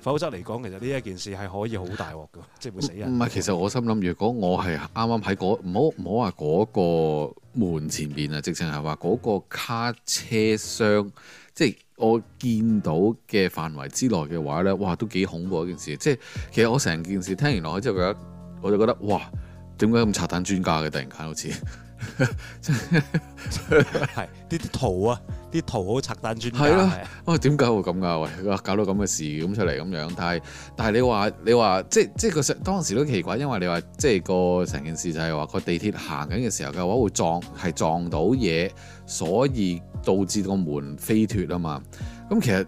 否則嚟講，其實呢一件事係可以好大鑊㗎，即係會死人。唔係，其實我心諗，如果我係啱啱喺嗰唔好唔好話嗰個門前邊啊，直情係話嗰個卡車箱，即係我見到嘅範圍之內嘅話咧，哇，都幾恐怖一件事。即係其實我成件事聽完落去之後，覺得我就覺得哇！點解咁拆彈專家嘅？突然間好似係啲啲圖，圖 啊，啲圖好拆彈專家。係咯，點解會咁噶？喂，搞到咁嘅事咁出嚟咁樣。但係但係你話你話，即係即係個當時都奇怪，因為你話即係個成件事就係話個地鐵行緊嘅時候嘅話會撞係撞到嘢，所以導致個門飛脫啊嘛。咁、嗯、 其實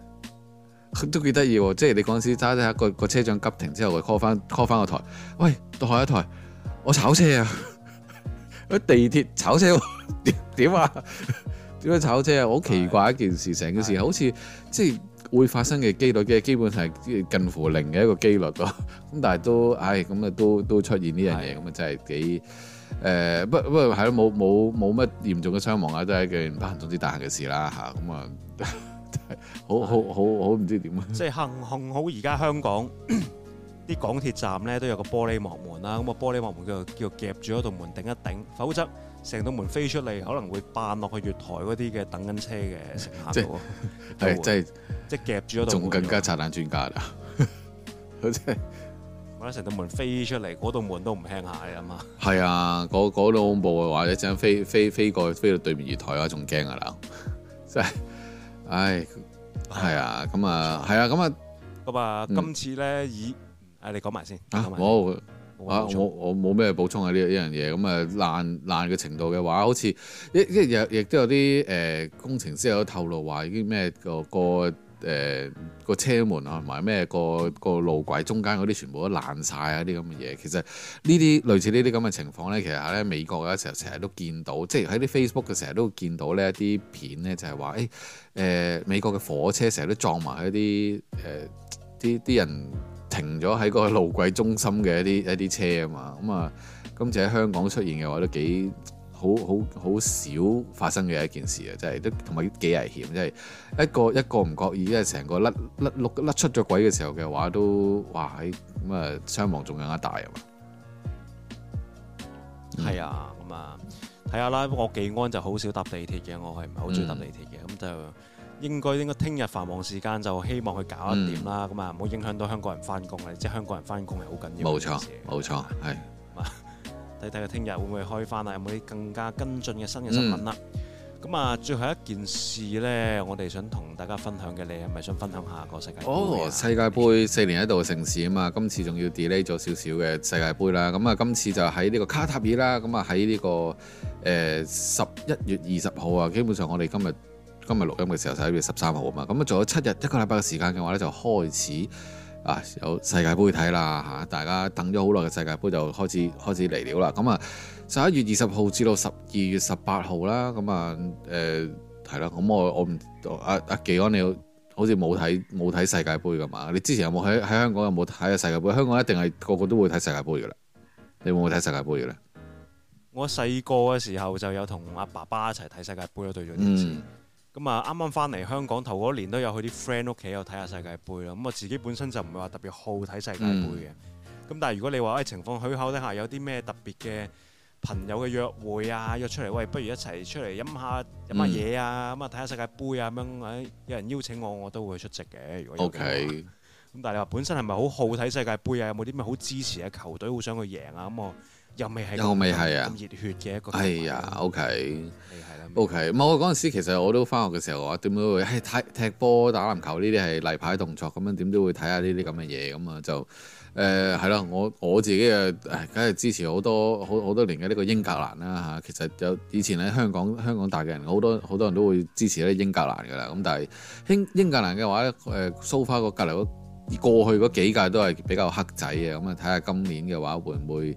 都幾得意，即係、就是、你嗰時揸住個個車長急停之後，佢 call 翻 call 翻個台，喂，到下一台。我炒車啊！嗰地鐵炒車點點啊？點樣炒車啊？好奇怪一件事，成件的事好似的即係會發生嘅機率，嘅基本上近乎零嘅一個機率咯。咁但係都唉，咁、哎、啊都都出現呢樣嘢，咁啊真係幾誒、呃、不不係冇冇冇乜嚴重嘅傷亡啊，都係一件不幸中之大幸嘅事啦吓，咁啊好好好好唔知點啊！即係幸好，而家、就是、香港。啲港鐵站咧都有個玻璃幕門啦，咁個玻璃幕門叫叫夾住嗰度門頂一頂，否則成道門飛出嚟，可能會彈落去月台嗰啲嘅等緊車嘅乘客度，係真係，即係夾住嗰度仲更加拆彈專家啦，即係，萬一成道門飛出嚟，嗰度門都唔輕下呀嘛，係啊，嗰嗰種恐怖嘅話，一陣間飛飛飛過飛到對面月台嘅仲驚噶啦，即係，唉，係啊，咁啊，係啊，咁啊，咁啊，今次咧以。啊！你講埋先啊！先啊！冇啊我我冇咩補充啊！呢呢樣嘢咁啊，爛爛嘅程度嘅話，好似一一亦都有啲誒、呃、工程師有透露話，已經咩個個誒、呃、個車門啊，同埋咩個個路軌中間嗰啲全部都爛晒啊！啲咁嘅嘢，其實呢啲類似呢啲咁嘅情況咧，其實咧美國嘅時候成日都見到，即係喺啲 Facebook 嘅成日都見到呢一啲片咧、就係，就係話誒誒美國嘅火車成日都撞埋一啲誒啲啲人，人，家人家。停咗喺個路軌中心嘅一啲一啲車啊嘛，咁、嗯、啊，今次喺香港出現嘅話都幾好好好少發生嘅一件事啊，真係都同埋幾危險，即係一個一個唔覺意，即係成個甩甩碌甩出咗軌嘅時候嘅話都哇喺咁啊，傷亡仲更加大啊嘛，係、嗯、啊，咁啊，睇下啦，我技安就好少搭地鐵嘅，我係唔係好中意搭地鐵嘅，咁就、嗯。應該應該聽日繁忙時間就希望佢搞一掂啦，咁啊，唔好影響到香港人翻工啦，即係香港人翻工係好緊要嘅事。冇錯，冇是錯，係是。啊錯，睇睇佢聽日會唔會開翻啊？有冇啲更加跟進嘅新嘅新聞啦？咁啊、嗯，最後一件事咧，我哋想同大家分享嘅，你係咪想分享下個世界杯？哦，世界盃四年一度嘅盛事啊嘛，今次仲要 delay 咗少少嘅世界盃啦。咁啊，今次就喺呢個卡塔爾啦。咁啊、這個，喺呢個誒十一月二十號啊，基本上我哋今日。今日錄音嘅時候十一月十三號啊嘛，咁啊仲有七日一個禮拜嘅時間嘅話咧，就開始啊有世界盃睇啦嚇，大家等咗好耐嘅世界盃就開始開始嚟了啦。咁啊十一月二十號至到十二月十八號啦，咁啊誒係啦，咁、啊、我我唔阿阿技安，你好好似冇睇冇睇世界盃㗎嘛？你之前有冇喺喺香港有冇睇世界盃？香港一定係個個都會睇世界盃㗎啦。你有冇睇世界盃嘅咧？我細個嘅時候就有同阿爸爸一齊睇世界盃啦，對咗。咁啊，啱啱翻嚟香港頭嗰年都有去啲 friend 屋企有睇下世界盃啦。咁啊，我自己本身就唔會話特別好睇世界盃嘅。咁、嗯、但係如果你話喂，情況許可底下有啲咩特別嘅朋友嘅約會啊，約出嚟喂、哎，不如一齊出嚟飲下飲下嘢啊，咁啊睇下世界盃啊咁樣，有人邀請我我都會出席嘅。O K。咁 Okay. 但係你話本身係咪好好睇世界盃啊？有冇啲咩好支持嘅球隊好想去贏啊？咁我又未係又未係啊！熱血嘅一個係啊，OK OK。唔係我嗰陣時，其實我都返學嘅時候，我點都會睇、哎、踢波、打籃球呢啲係例牌動作咁樣，點都會睇下呢啲咁嘅嘢咁啊。就誒係咯，我我自己誒梗係支持好多好好多年嘅呢個英格蘭啦嚇、啊。其實有以前喺香港香港大嘅人好多好多人都會支持呢英格蘭噶啦。咁、嗯、但係英英格蘭嘅話咧誒，蘇花嗰隔離嗰過去嗰幾屆都係比較黑仔嘅咁啊，睇、嗯、下今年嘅話會唔會？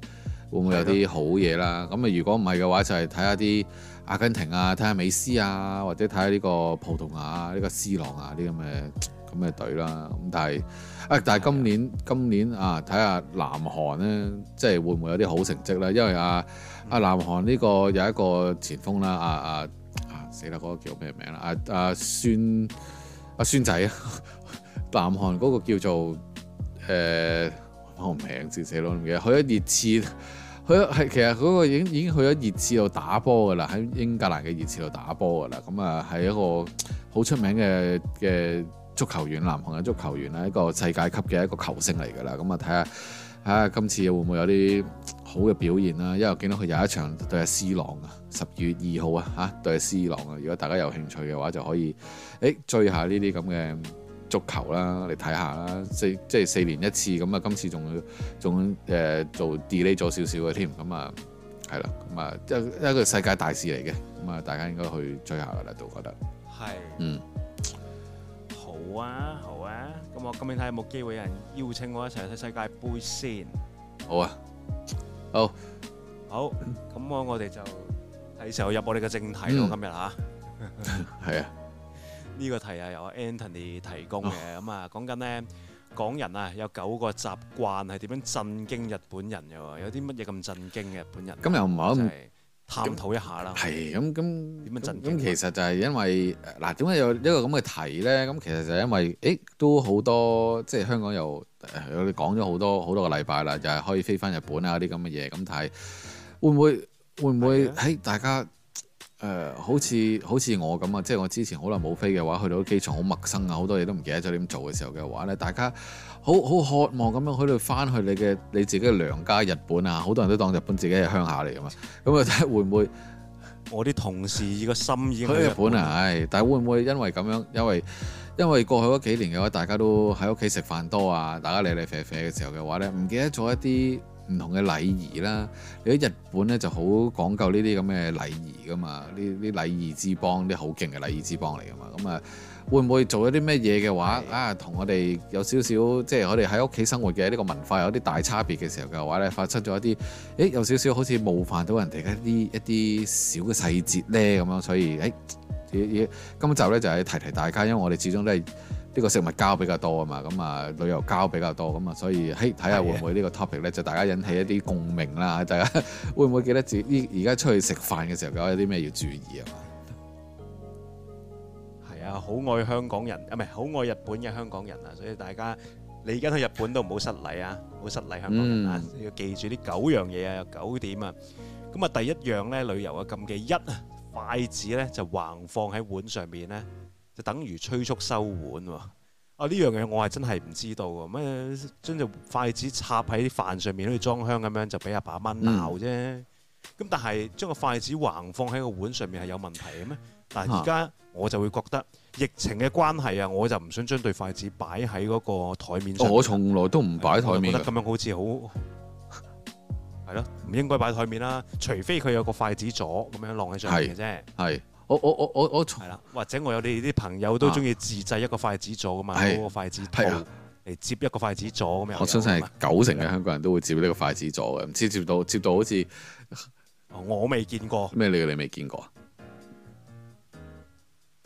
會唔會有啲好嘢啦？咁啊的，如果唔係嘅話，就係睇下啲阿根廷啊，睇下美斯啊，或者睇下呢個葡萄牙啊，呢、呢個 C 朗啊啲咁嘅咁嘅隊啦。咁但係啊，但係、啊、今年的今年啊，睇下南韓呢，即係會唔會有啲好成績咧？因為啊啊，南韓呢個有一個前鋒啦、啊，啊啊啊死啦！嗰、嗰個叫咩名啦？啊啊孫啊孫仔， 南韓嗰個叫做誒、啊、我唔明字死咯，唔記得佢一熱刺。佢係其實嗰個已經已經去咗熱刺度打波噶啦，喺英格蘭嘅熱刺度打波噶啦。咁啊，係一個好出名嘅嘅足球員，南韓嘅足球員啦，一個世界級嘅一個球星嚟噶啦。咁啊，睇下睇下今次會唔會有啲好嘅表現啦、啊。因為我見到佢有一場對阿斯朗啊，十二月二號啊嚇對阿斯朗啊。如果大家有興趣嘅話，就可以誒、欸、追下呢啲咁嘅。足球啦，你睇下啦，四即係四年一次咁啊，今次仲要仲誒做 delay 咗少少嘅添，咁啊係啦，咁啊一一個世界大事嚟嘅，咁啊大家應該去追下噶啦，都覺得係，嗯，好、嗯、啊、嗯、好啊，咁、啊、我今年睇下有冇機會有人邀請我一齊睇世界盃先，好啊，好，好，咁 我我哋就睇時候入我哋嘅正題咯，今日吓，係 啊。呢個題啊，由 Antony 提供嘅，咁啊講緊呢，港人啊有九個習慣係點樣震驚日本人㗎？有啲乜嘢咁震驚日本人？咁又唔好咁探討一下啦。係咁咁點樣震驚、嗯嗯嗯？其實就係因為嗱，點、啊、解有一個咁嘅題咧？咁其實就係因為誒、欸，都好多即係香港有我哋講咗好多好多個禮拜啦，就係、是、可以飛翻日本啊啲咁嘅嘢，咁睇會唔會會唔會喺的大家？誒、呃，好似好似我咁啊，即係我之前好耐冇飛嘅話，去到機場好陌生啊，好多嘢都唔記得咗點做嘅時候嘅話呢，大家好好渴望咁樣去到翻去你嘅你自己嘅娘家日本啊，好多人都當日本自己係鄉下嚟㗎嘛，咁啊睇會唔會我啲同事依個心已經喺日本啊， 但係會唔會因為咁樣，因為因為過去嗰幾年嘅話，大家都喺屋企食飯多啊，大家嚟嚟啡啡嘅時候嘅話呢，唔記得做一啲。唔同嘅禮儀啦，你喺日本咧就好講究呢啲咁嘅禮儀㗎嘛，呢啲禮儀之邦，啲好勁嘅禮儀之邦嚟㗎嘛，咁啊會唔會做一啲咩嘢嘅話的啊？同我哋有少少即係我哋喺屋企生活嘅呢個文化有啲大差別嘅時候嘅話咧，發出咗一啲，誒有少少好似冒犯到人哋一啲一啲小嘅細節咧咁樣，所以誒今集咧就係、是、提提提大家，因為我哋始終都係。呢個食物膠比較多啊嘛，咁啊旅遊膠比較多咁啊，所以嘿睇下會唔會呢個 topic 咧，就大家引起一啲共鳴啦。大家會唔會記得自己而家出去食飯嘅時候，究竟有啲咩要注意啊？係啊，好愛香港人啊，唔係好愛日本嘅香港人啊。所以大家你而家去日本都唔好失禮啊，唔好失禮香港人啊，要記住啲九樣嘢啊，有九點啊。咁啊第一樣咧，旅遊嘅禁忌一筷子咧就橫放喺碗上面咧。就等於催促收碗喎！啊，呢樣嘢我係真係唔知道嘅。咩將隻筷子插喺啲飯上面，好似裝香咁樣，就俾阿爸，爸媽鬧啫。咁、嗯、但係將個筷子橫放喺個碗上面係有問題嘅咩？但嗱，而家我就會覺得、啊、疫情嘅關係啊，我就唔想將對筷子擺喺嗰個台面上面，哦。我從來都唔擺台面。我覺得咁樣好似好係咯，唔 應該擺台面啦。除非佢有個筷子座咁樣晾喺上面嘅啫。係的。我我我我我從，或者我有你哋啲朋友都中意自製一個筷子座噶嘛，攞、啊、筷子套嚟的接一個筷子座咁樣。我相信係九成嘅香港人都會接呢個筷子座嘅，唔知的接到接到好似我未見過咩？你你未見過啊？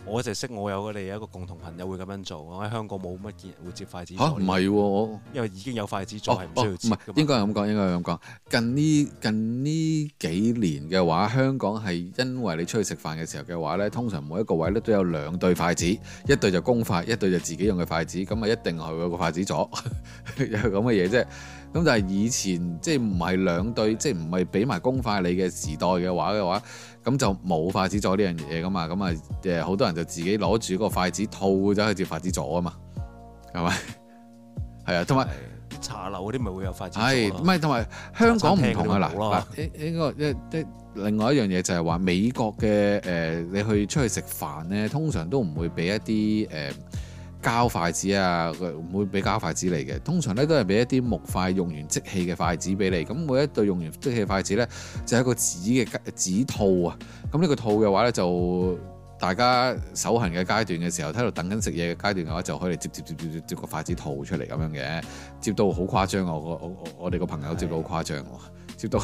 我就識我,我有你，哋一個共同朋友會咁樣做，我喺香港冇乜見人會接筷子唔係喎，啊、因為已經有筷子座係唔、哦、需要接嘅嘛應該係咁講，應該係咁講。近呢近呢幾年嘅話，香港係因為你出去食飯嘅時候嘅話呢通常每一個位咧都有兩對筷子，一對就公筷，一對就自己用嘅筷子，咁啊一定係有個筷子座 有咁嘅嘢啫。咁但係以前即係唔係兩對，即係唔係俾埋公筷你嘅時代嘅話嘅話。咁就冇筷子座呢樣嘢噶嘛，咁啊誒好多人就自己攞住嗰個筷子套咗去接筷子座啊嘛，係咪？係 啊，同埋茶樓嗰啲咪會有筷子，係，唔係同埋香港唔同啊嗱，應應該即即另外一樣嘢就係話美國嘅誒、呃，你去出去食飯咧，通常都唔會俾一啲誒。呃膠筷子啊，佢唔會俾膠筷子嚟嘅。通常咧都係俾一啲木筷，用完即棄嘅筷子俾你。咁每一對用完即棄筷子咧，就係、一個紙嘅紙套啊。咁呢個套嘅話咧，就大家手痕嘅階段嘅時候，喺度等緊食嘢嘅階段嘅話，就可以接接接接接，接個筷子套出嚟咁樣嘅。接到好誇張啊！我我哋個朋友接到好誇張，是啊、接到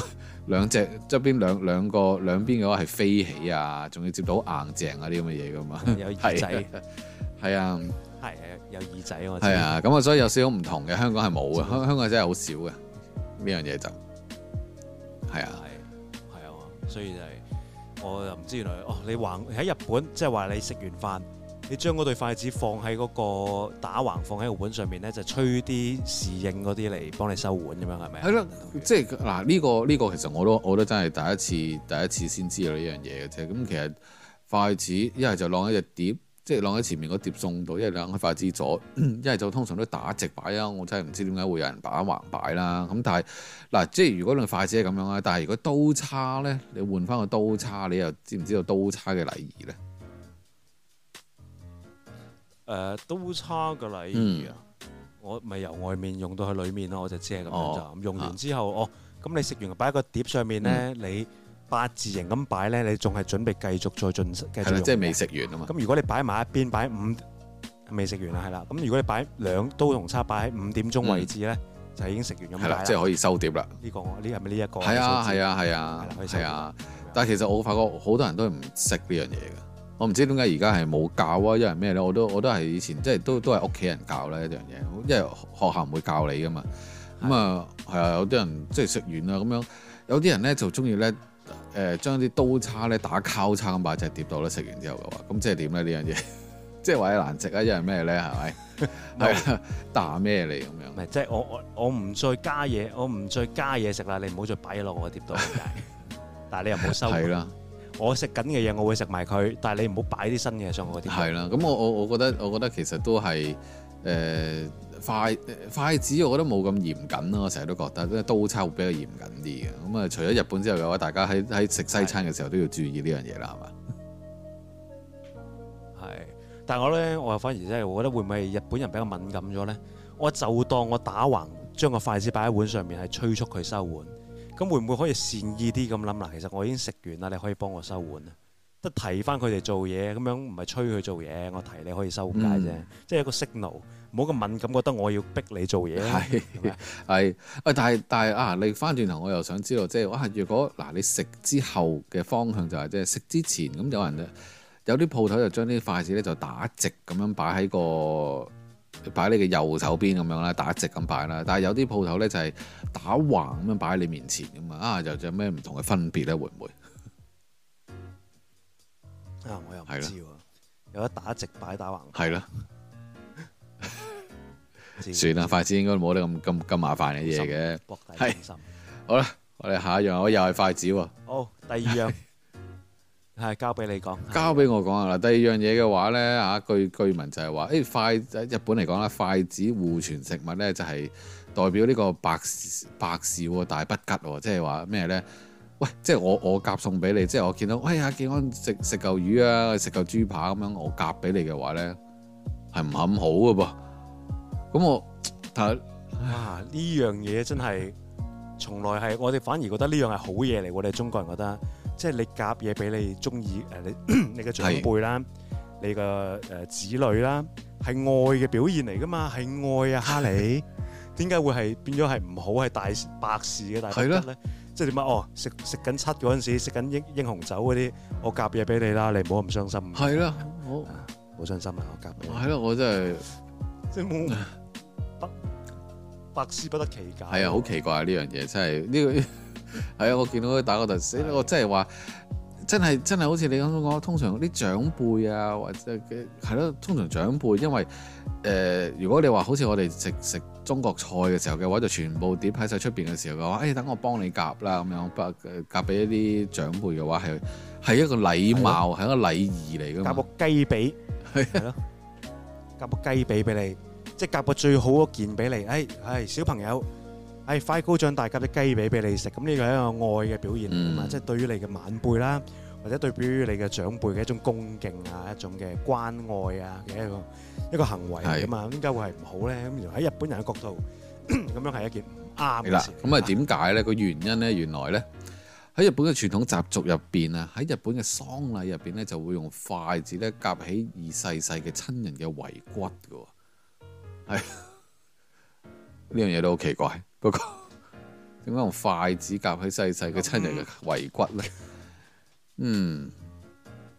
兩隻側邊兩兩個兩邊嘅話係飛起啊，仲要接到好硬淨啊啲咁嘅嘢噶嘛。有耳仔。係啊。係有耳仔我知。係啊，咁啊，所以有少少唔同嘅，香港係冇嘅，香香港真係好少嘅呢樣嘢就係啊，係啊嘛，所以就係、是，我又唔知原來哦，你橫喺日本，即係話你食完飯，你將嗰對筷子放喺嗰、那個打橫放喺個碗上面咧，就是、吹啲侍應嗰啲嚟幫你收碗咁樣，係咪？係咯的，即係嗱呢個呢個，這個、其實我都我都真係第一次第一次先知道呢樣嘢嘅啫。咁、嗯、其實筷子一係就晾一隻碟。即係晾喺前面個碟送到，一係攞喺筷子左，一係就通常都打直擺啊！我真係唔知點解會有人擺橫擺啦。咁但係嗱，即係如果你筷子係咁樣啦，但係如果刀叉咧，你換翻個刀叉，你又知唔知道刀叉嘅禮儀咧？誒，刀叉嘅禮儀啊，嗯、我咪由外面用到去裏面咯，我就知係咁樣咋。哦、用完之後，啊、哦，咁你食完擺喺個碟上面咧，嗯、你。八字形咁擺咧，你仲係準備繼續再進食，繼續用，即係未食完啊嘛。咁如果你擺埋一邊，擺五未食完啦，係啦。咁如果你擺兩刀同叉擺喺五點鐘位置咧，嗯、就已經食完咁的樣啦，即係可以收碟啦。呢個我呢係咪呢一個？係啊係啊係啊係啊，但係其實我發覺好多人都唔識呢樣嘢嘅，我唔知點解而家係冇教啊，因為咩咧？我都我都係以前即係都都係屋企人教咧一樣嘢，因為學校唔會教你噶嘛。咁啊係啊，有啲人即係食完啊咁樣，有啲人咧就中意咧。誒、呃、將啲刀叉咧打交叉咁擺隻碟度咧，食完之後嘅話，咁即係點咧？樣 呢樣嘢 即係話難食啊，一係咩咧？係咪係打咩嚟咁樣？唔係，即係我我唔再加嘢，我唔再加嘢食 啦。你唔好再擺落我嘅碟度。但係你又冇收。係啦。我食緊嘅嘢，我會食埋佢，但係你唔好擺啲新嘢上我嘅碟度。係啦，咁我我我覺得我覺得其實都係誒。呃筷筷子我，我覺得冇咁嚴謹咯，成日都覺得，即係刀叉會比較嚴謹啲嘅。咁啊，除咗日本之外嘅話，大家喺喺食西餐嘅時候都要注意呢樣嘢啦，係嘛是？係吧，但係我咧，我反而真係，我覺得會唔會日本人比較敏感咗咧？我就當我打橫將個筷子擺喺碗上面，係催促佢收碗。咁會唔會可以善意啲咁諗嗱？其實我已經食完啦，你可以幫我收碗啊，得提翻佢哋做嘢，咁樣唔係催佢做嘢，我提你可以收街啫，嗯、即係一個 signal。唔好咁敏感，覺得我要逼你做嘢。係係是，誒嗎，但係但係啊！你翻轉頭，我又想知道，即係我、啊、如果嗱、啊，你食之後嘅方向就係即係食之前，咁有人咧，有啲鋪頭就將啲筷子咧就打直咁樣擺喺個擺你嘅右手邊咁樣啦，打直咁擺啦。但係有啲鋪頭咧就係打橫咁樣擺喺你面前咁啊，又有冇咩唔同嘅分別咧？會唔會啊？我又唔知喎。的有得打直擺，打橫。係咯。算啦，筷子應該冇啲咁咁咁麻煩嘅嘢嘅，係好啦，我哋下一樣，我又係筷子喎、哦。好，第二樣，係交俾你講，交俾我講下啦，第二樣嘢嘅話咧嚇，據據聞就係話，誒、欸、筷子日本嚟講咧，筷子互傳食物咧，就係、是、代表呢個百百事大不吉喎、哦，即係話咩咧？喂，即、就、係、是、我我夾送俾你，即、就、係、是、我見到，喂、哎、啊，技安食食嚿魚啊，食嚿豬扒咁樣，我夾俾你嘅話咧，係唔肯好嘅噃。咁我但係啊呢樣嘢真係從來係我哋反而覺得呢樣係好嘢嚟喎！我哋中國人覺得，即係你夾嘢俾你中意誒你你嘅長輩啦，你嘅誒子女啦，係愛嘅表現嚟噶嘛，係愛啊！哈利，點解會係變咗係唔好係大白事嘅大禮物咧？即係點解？哦，食食緊七嗰陣時，食緊英英雄酒嗰啲，我夾嘢俾你啦，你唔好咁傷心。係啦，好，好傷心啊！我夾，係啦，我真係即係冇。百思不得其解，係啊，好奇怪啊！呢樣嘢真係呢、呢個，係 啊！我見到佢打個特死，我真係話，真係真係好似你咁講。通常啲長輩啊，或者係咯、啊，通常長輩，因為誒、呃，如果你話好似我哋食食中國菜嘅時候嘅話，就全部碟喺晒出邊嘅時候嘅話，誒、哎，等我幫你夾啦咁樣，夾俾一啲長輩嘅話，係係一個禮貌，係、啊、一個禮儀嚟嘅嘛。夾個雞髀係咯，夾、 啊、個雞髀俾你。即係夾個最好嗰件俾你，誒、哎、誒、哎、小朋友，誒、哎、快高長大，夾啲雞髀俾你食，咁呢個係一個愛嘅表現啊嘛，嗯、即係對於你嘅晚輩啦，或者對於你嘅長輩嘅一種恭敬啊，一種嘅關愛啊嘅一個一個行為啊嘛，點解是會係唔好咧？咁喺日本人嘅角度，咁 樣係一件唔啱嘅事。咁啊點解咧？個 原因咧，原來咧喺日本嘅傳統習俗入邊啊，喺日本嘅喪禮入邊咧，就會用筷子咧夾起二細細嘅親人嘅遺骨嘅。係呢 樣嘢都好奇怪，不過點解用筷子夾起細細嘅親人嘅遺骨咧？嗯，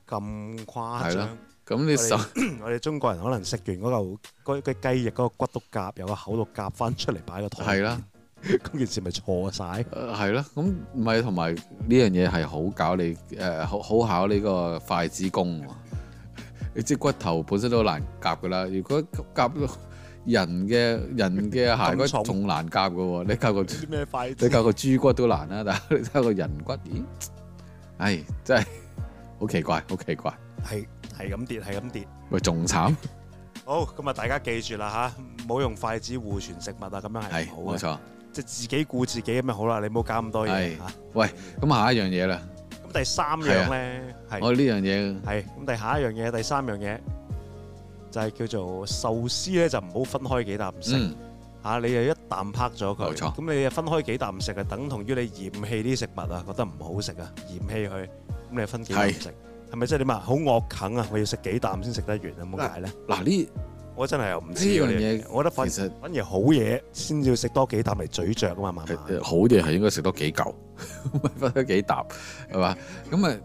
咁誇張。咁 你我哋們 中國人可能食完嗰嚿嗰個雞翼嗰個骨都夾，有個口度夾翻出嚟擺個台。係啦的，咁 件事咪錯晒？係咯， 咁唔係同埋呢樣嘢係好搞你誒、呃，好好考呢個筷子功。你即骨頭本身都好難夾噶啦，如果夾咗。 人嘅人嘅鞋骨仲難夾嘅喎，你夾個咩筷你夾個豬骨都難啦，啊，但係你睇個人骨，咦？唉，真係好奇怪，好奇怪。係係咁跌，係咁跌。喂，仲慘。 好，咁啊，大家記住啦吓，唔好用筷子互傳食物啊，咁樣係好，係冇錯。即係自己顧自己咁咪好啦，你唔好搞咁多嘢是、啊、喂，咁下一樣嘢啦。咁第三樣咧，係、啊、我呢樣嘢。係，咁第下一樣嘢，第三樣嘢。就係叫做壽司咧，就唔好分開幾啖食嚇，嗯、你又一啖拍咗佢，咁錯你分開幾啖食，就等同於你嫌棄啲食物啊，覺得唔好食啊，嫌棄佢，咁你分幾啖食，係咪即係點啊？好惡啃啊，我要食幾啖先食得完有冇啊？冇解咧？嗱呢，我真係又唔知呢樣嘢。我覺得反，實反而好嘢先要食多幾啖嚟咀嚼啊嘛，慢慢好嘢係應該食多幾嚿，分 多幾啖係嘛？咁啊。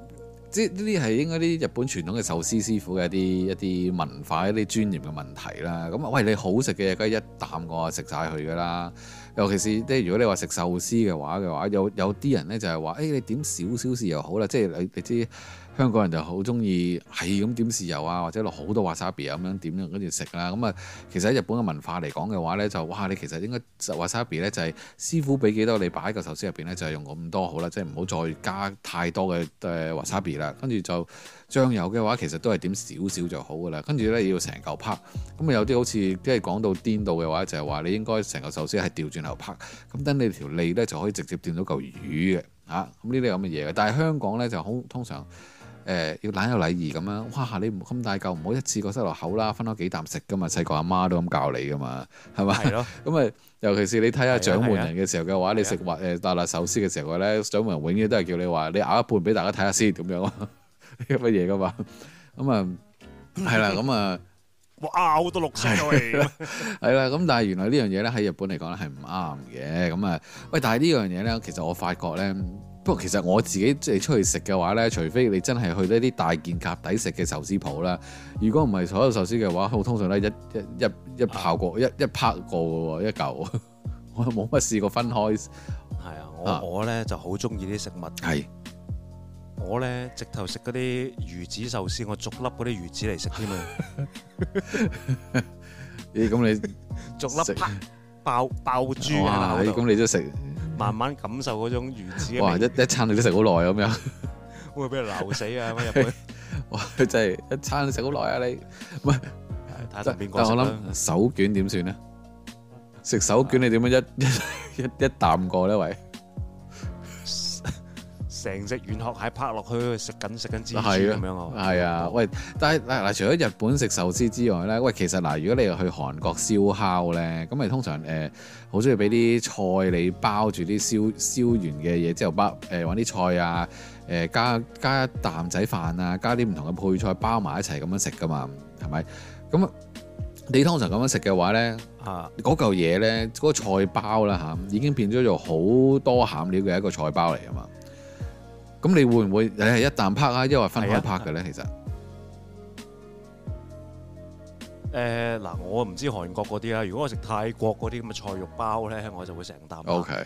即呢啲係應該啲日本傳統嘅壽司師傅嘅一啲一啲文化，一啲尊嚴嘅問題啦。咁啊，喂，你好食嘅嘢，梗係一啖我食晒佢噶啦。尤其是即係如果你話食壽司嘅話嘅話，有有啲人呢就係、是、話，誒、哎、你點少少事又好啦。即係你你知。香港人就好中意係咁點豉油啊，或者落好多 wasabi 咁樣點咧，跟住食啦。咁啊，其實喺日本嘅文化嚟講嘅話呢，就哇，你其實應該 wasabi 咧就係師傅俾幾多你擺喺個壽司入邊呢，就係用咁多好啦，即係唔好再加太多嘅誒 wasabi 啦。跟住就醬油嘅話，其實都係點少少就好噶啦。跟住咧要成嚿拍，咁啊有啲好似即係講到顛倒嘅話，就係、是、話你應該成嚿壽司係調轉頭拍，咁等你條脷呢，就可以直接掂到嚿魚嘅嚇。咁呢啲咁嘅嘢，但係香港呢，就好通常。誒要懶有禮儀咁樣，哇！你唔咁大嚿，唔好一次過塞落口啦，分開幾啖食㗎嘛，細個阿媽都咁教你㗎嘛，係咪？係咯吧。咁啊，尤其是你睇下掌門人嘅時候嘅話，是呀是呀你食或誒大辣壽司嘅時候咧，是呀 掌門人永遠都係叫你話，你咬一半俾大家睇下先，咁樣啊？乜嘢㗎嘛？咁 啊麼，係 啦、嗯，咁啊，哇！咬好多綠色落嚟，係 啦、 呃。咁但係原來呢樣嘢咧，喺日本嚟講咧係唔啱嘅。咁啊，喂，但係呢樣嘢咧，其實我發覺咧。不過其實我自己即係出去食嘅話咧，除非你真係去呢啲大件夾抵食嘅壽司鋪啦。如果唔係所有壽司嘅話，我通常咧一一一一刨過一一拍過嘅，一嚿我冇乜試過分開。係啊，我啊我咧就好中意啲食物。係是，我咧直頭食嗰啲魚子壽司，我逐粒嗰啲魚子嚟食添啊！咦、 嗯，咁你逐粒拍爆爆珠啊？咁、嗯、你都食？慢慢感受嗰種魚子嘅味。哇！一一餐你都食好耐咁樣， 會唔會俾人鬧死啊！入去 哇！真係一餐你食好耐啊！你喂，唔 係，但係我諗手卷點算咧？食手卷你點樣一 一一啖過咧？喂。成隻軟殼蟹拍落去食緊食緊芝士咁樣哦，係啊，係啊，喂！但係嗱，除咗日本食壽司之外咧，喂，其實嗱、呃，如果你去韓國燒烤咧，咁咪通常誒好中意俾啲菜你包住啲燒燒完嘅嘢之後包誒揾啲、呃、菜啊誒、呃、加加一啖仔飯啊，加啲唔同嘅配菜包埋一齊咁樣食噶嘛，係咪？咁你通常咁樣食嘅話咧，啊、那個，嗰嚿嘢咧，嗰個菜包啦嚇、啊，已經變咗做好多餡料嘅一個菜包嚟噶嘛～咁你會唔會你係、哎、一啖拍啊？定話分開拍嘅咧，其實誒嗱、呃呃，我唔知韓國嗰啲啦。如果我食泰國嗰啲咁嘅菜肉包咧，我就會成啖。O K，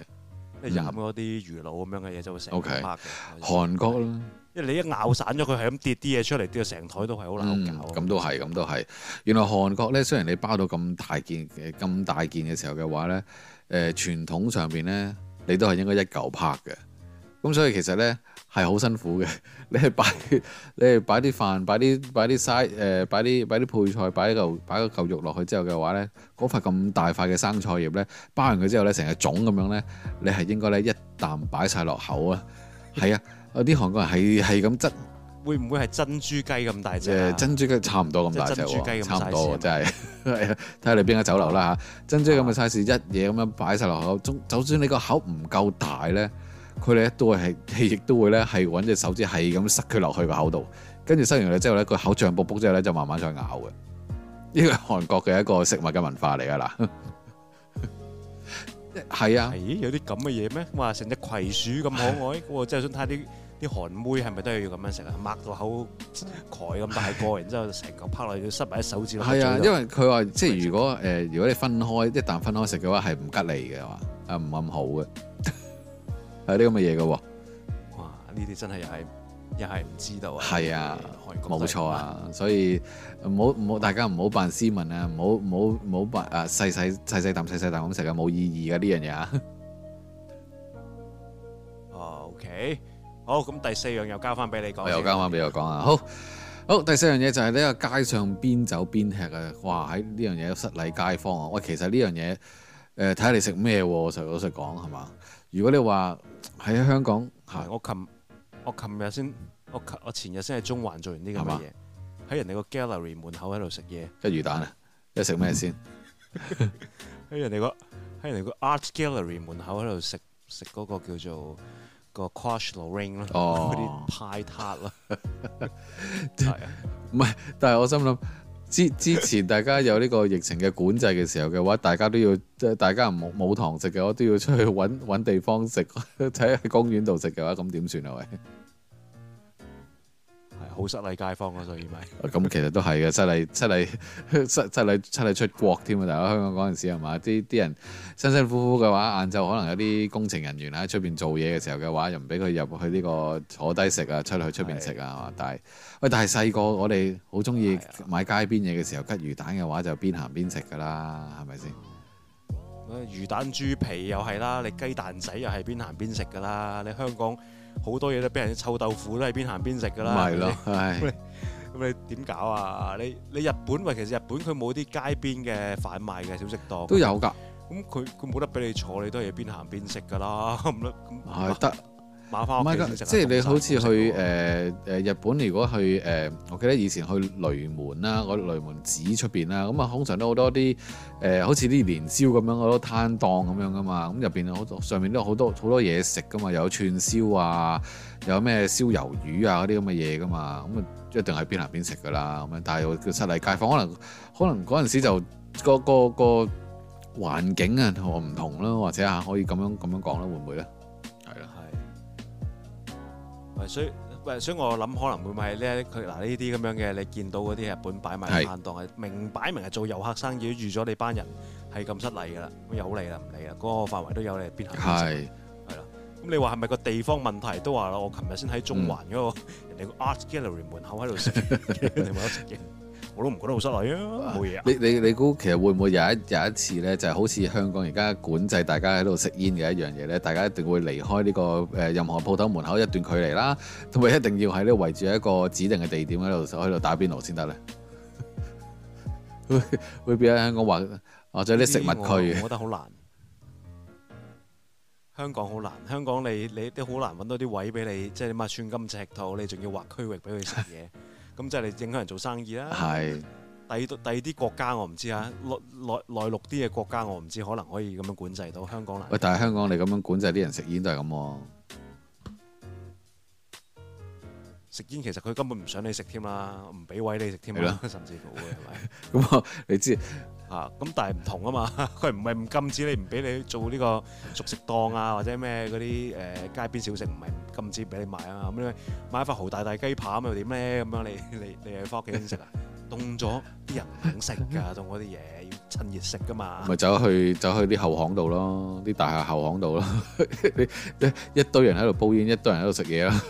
即係飲嗰啲魚露咁樣嘅嘢就會成。O Okay , K，韓國因為你一咬散咗佢，係咁跌啲嘢出嚟，跌到成台都係好難搞。嗯，咁都係，咁都係。原來韓國咧，雖然你包到咁大件嘅咁、嗯、大件嘅時候嘅話咧，誒、呃、傳統上邊咧，你都係應該一嚿拍嘅。咁所以其實呢係好辛苦嘅，你係擺你係擺啲飯，擺啲擺啲嘥誒，擺啲擺啲配菜，擺嚿擺個嚿肉落去之後嘅話呢，嗰塊咁大塊嘅生菜葉呢包完佢之後呢，成個粽咁樣呢，你係應該呢一啖擺晒落口啊！係啊，啲韓國人係係咁執，會唔會係珍珠雞咁大隻？珍珠雞差唔多咁大隻喎， 差唔多真係睇下你邊間酒樓啦嚇，珍珠咁嘅 size，一嘢咁樣擺晒落口，中就算你個口唔夠大呢。佢哋咧都係，係亦都會咧，係搵隻手指係咁塞佢落去個口度，跟住塞完佢之後咧，佢口脹卜卜之後咧，就慢慢再咬嘅。呢個係韓國嘅一個食物嘅文化嚟噶啦，係 啊，咦、欸，有啲咁嘅嘢咩？哇！成隻葵鼠咁可愛， 哦、即係想睇下啲啲韓妹係咪都要咁樣食 啊？擘到口鵝咁大個，然之後成個趴落去塞埋喺手指。係 啊，因為佢話即係是如果誒、呃，如果你分開，一旦分開食嘅話，係唔吉利嘅嘛，唔咁好嘅。 係呢，咁嘅嘢嘅喎，哦、哇！呢啲真係又係又係唔知道啊，係啊的，冇錯啊，所以唔好唔好，大家唔好扮斯文啊，唔好唔好唔好扮啊細細細細啖細細啖咁食嘅，冇意義嘅呢樣嘢啊。哦，OK，好，咁第四樣又交翻俾你講，又交翻俾我講啊。好好，第四樣嘢就係呢個街上邊走邊吃啊！哇，喺呢樣嘢失禮街坊啊！喂，其實呢樣嘢誒睇下你食咩喎？實老實講係嘛？如果你話，係啊，香港，我琴我琴日先，我我，我，我前日先喺中環做完啲咁嘅嘢，喺嗎人哋個 gallery 門口喺度食嘢，一魚蛋啊，一食咩先？喺 人哋個喺人哋個 art gallery 門口喺度食食嗰個叫做、嗰個 quiche lorraine 咯，嗰啲派撻啦，係啊、oh.，唔 係， 但係我心諗。之之前大家有呢個疫情嘅管制嘅時候嘅話，大家都要，即係大家唔冇冇堂食嘅，我都要出去揾揾地方食，睇 下喺公園度食嘅話，咁點算啊？喂！好失禮街坊啊，所以咪咁 其實都係嘅，失禮失禮失失禮失禮出國添啊！大家香港嗰陣時係嘛，啲啲人辛辛苦苦嘅話，晏晝可能有啲工程人員喺出邊做嘢嘅時候嘅話，又唔俾佢入去呢個坐低食啊，出去出邊食啊嘛。但係喂，但係細個我哋好中意買街邊嘢嘅時候，吉魚蛋嘅話就邊行邊食㗎啦，係咪先？魚蛋豬皮又係啦，你雞蛋仔又係邊行邊食㗎啦，你香港。好多嘢都俾人臭豆腐，都係邊行邊食噶啦。咁的你點的搞啊？你你日本咪其實日本佢冇啲街邊嘅販賣嘅小食檔。都有㗎。咁佢佢冇得俾你坐，你都係邊行邊食㗎啦。唔得。係得。的 唔係㗎，不即係你好似去誒誒、呃、日本，如果去誒，呃嗯、我記得以前去雷門啦，嗰雷門寺出邊啦，咁、嗯、啊通常都好多啲誒、呃，好似啲年宵咁樣好多攤檔咁樣噶嘛，咁入邊好多上面都有好多好多嘢食噶嘛，又有串燒啊，又有咩燒魷魚啊嗰啲咁嘅嘢噶嘛，咁、嗯、啊一定係邊行邊食㗎啦，咁樣，但係我叫七裏街坊，可能可能嗰陣時就、嗰個個、嗰個環境啊同我唔同啦，或者嚇可以咁樣咁樣講啦，會唔會咧？所以，喂，所以我諗可能會唔係咧？佢嗱呢啲咁樣嘅，你見到嗰啲日本擺埋攤檔係是明擺明係做遊客生意，預咗你班人係咁失禮㗎啦，有你啊，唔理啊，嗰、那個範圍都有你，邊行邊食，係啦。咁是你話係咪個地方問題都話咯？我琴日先喺中環嗰、那個、嗯、人哋個 Art Gallery 門口喺度食，我都唔覺得好失禮啊，冇嘢啊！你你你估其實會唔會有一有一次咧，就係、是、好似香港而家管制大家喺度食煙嘅一樣嘢咧？大家一定會離開呢、這個誒、呃、任何鋪頭門口一段距離啦，同埋一定要喺呢個圍住一個指定嘅地點喺度喺度打邊爐先得咧。會會變咗香港或哦，即、啊、啲食物區我，我覺得好難。香港好難，香港你你都好難揾到啲位俾你，即係你乜寸金尺土，你仲要劃區域俾佢食嘢。 咁就係你影響人做生意啦。係是，第二第二啲國家，我唔知啊，內內內陸啲嘅國家，我唔知，可能可以咁樣管制到，香港難。喂，但係香港你咁樣管制啲人食煙都係咁喎。食煙其實佢根本唔想你食添啦，唔俾位你食添啦，的甚至乎會係咪？咁 吧 你知。啊，咁但係唔同啊嘛，佢唔係唔禁止你，唔俾你做呢個熟食檔啊，或者咩嗰啲誒街邊小食，唔係唔禁止俾你買啊嘛，咁你買一塊豪大大雞扒咁又點咧？咁樣你你你係翻屋企先食啊？凍咗啲人唔肯食㗎，凍嗰啲嘢要趁熱食㗎嘛。咪走去走去啲後巷度咯，啲大廈後巷度咯，一一堆人喺度煲煙，一堆人喺度食嘢啦。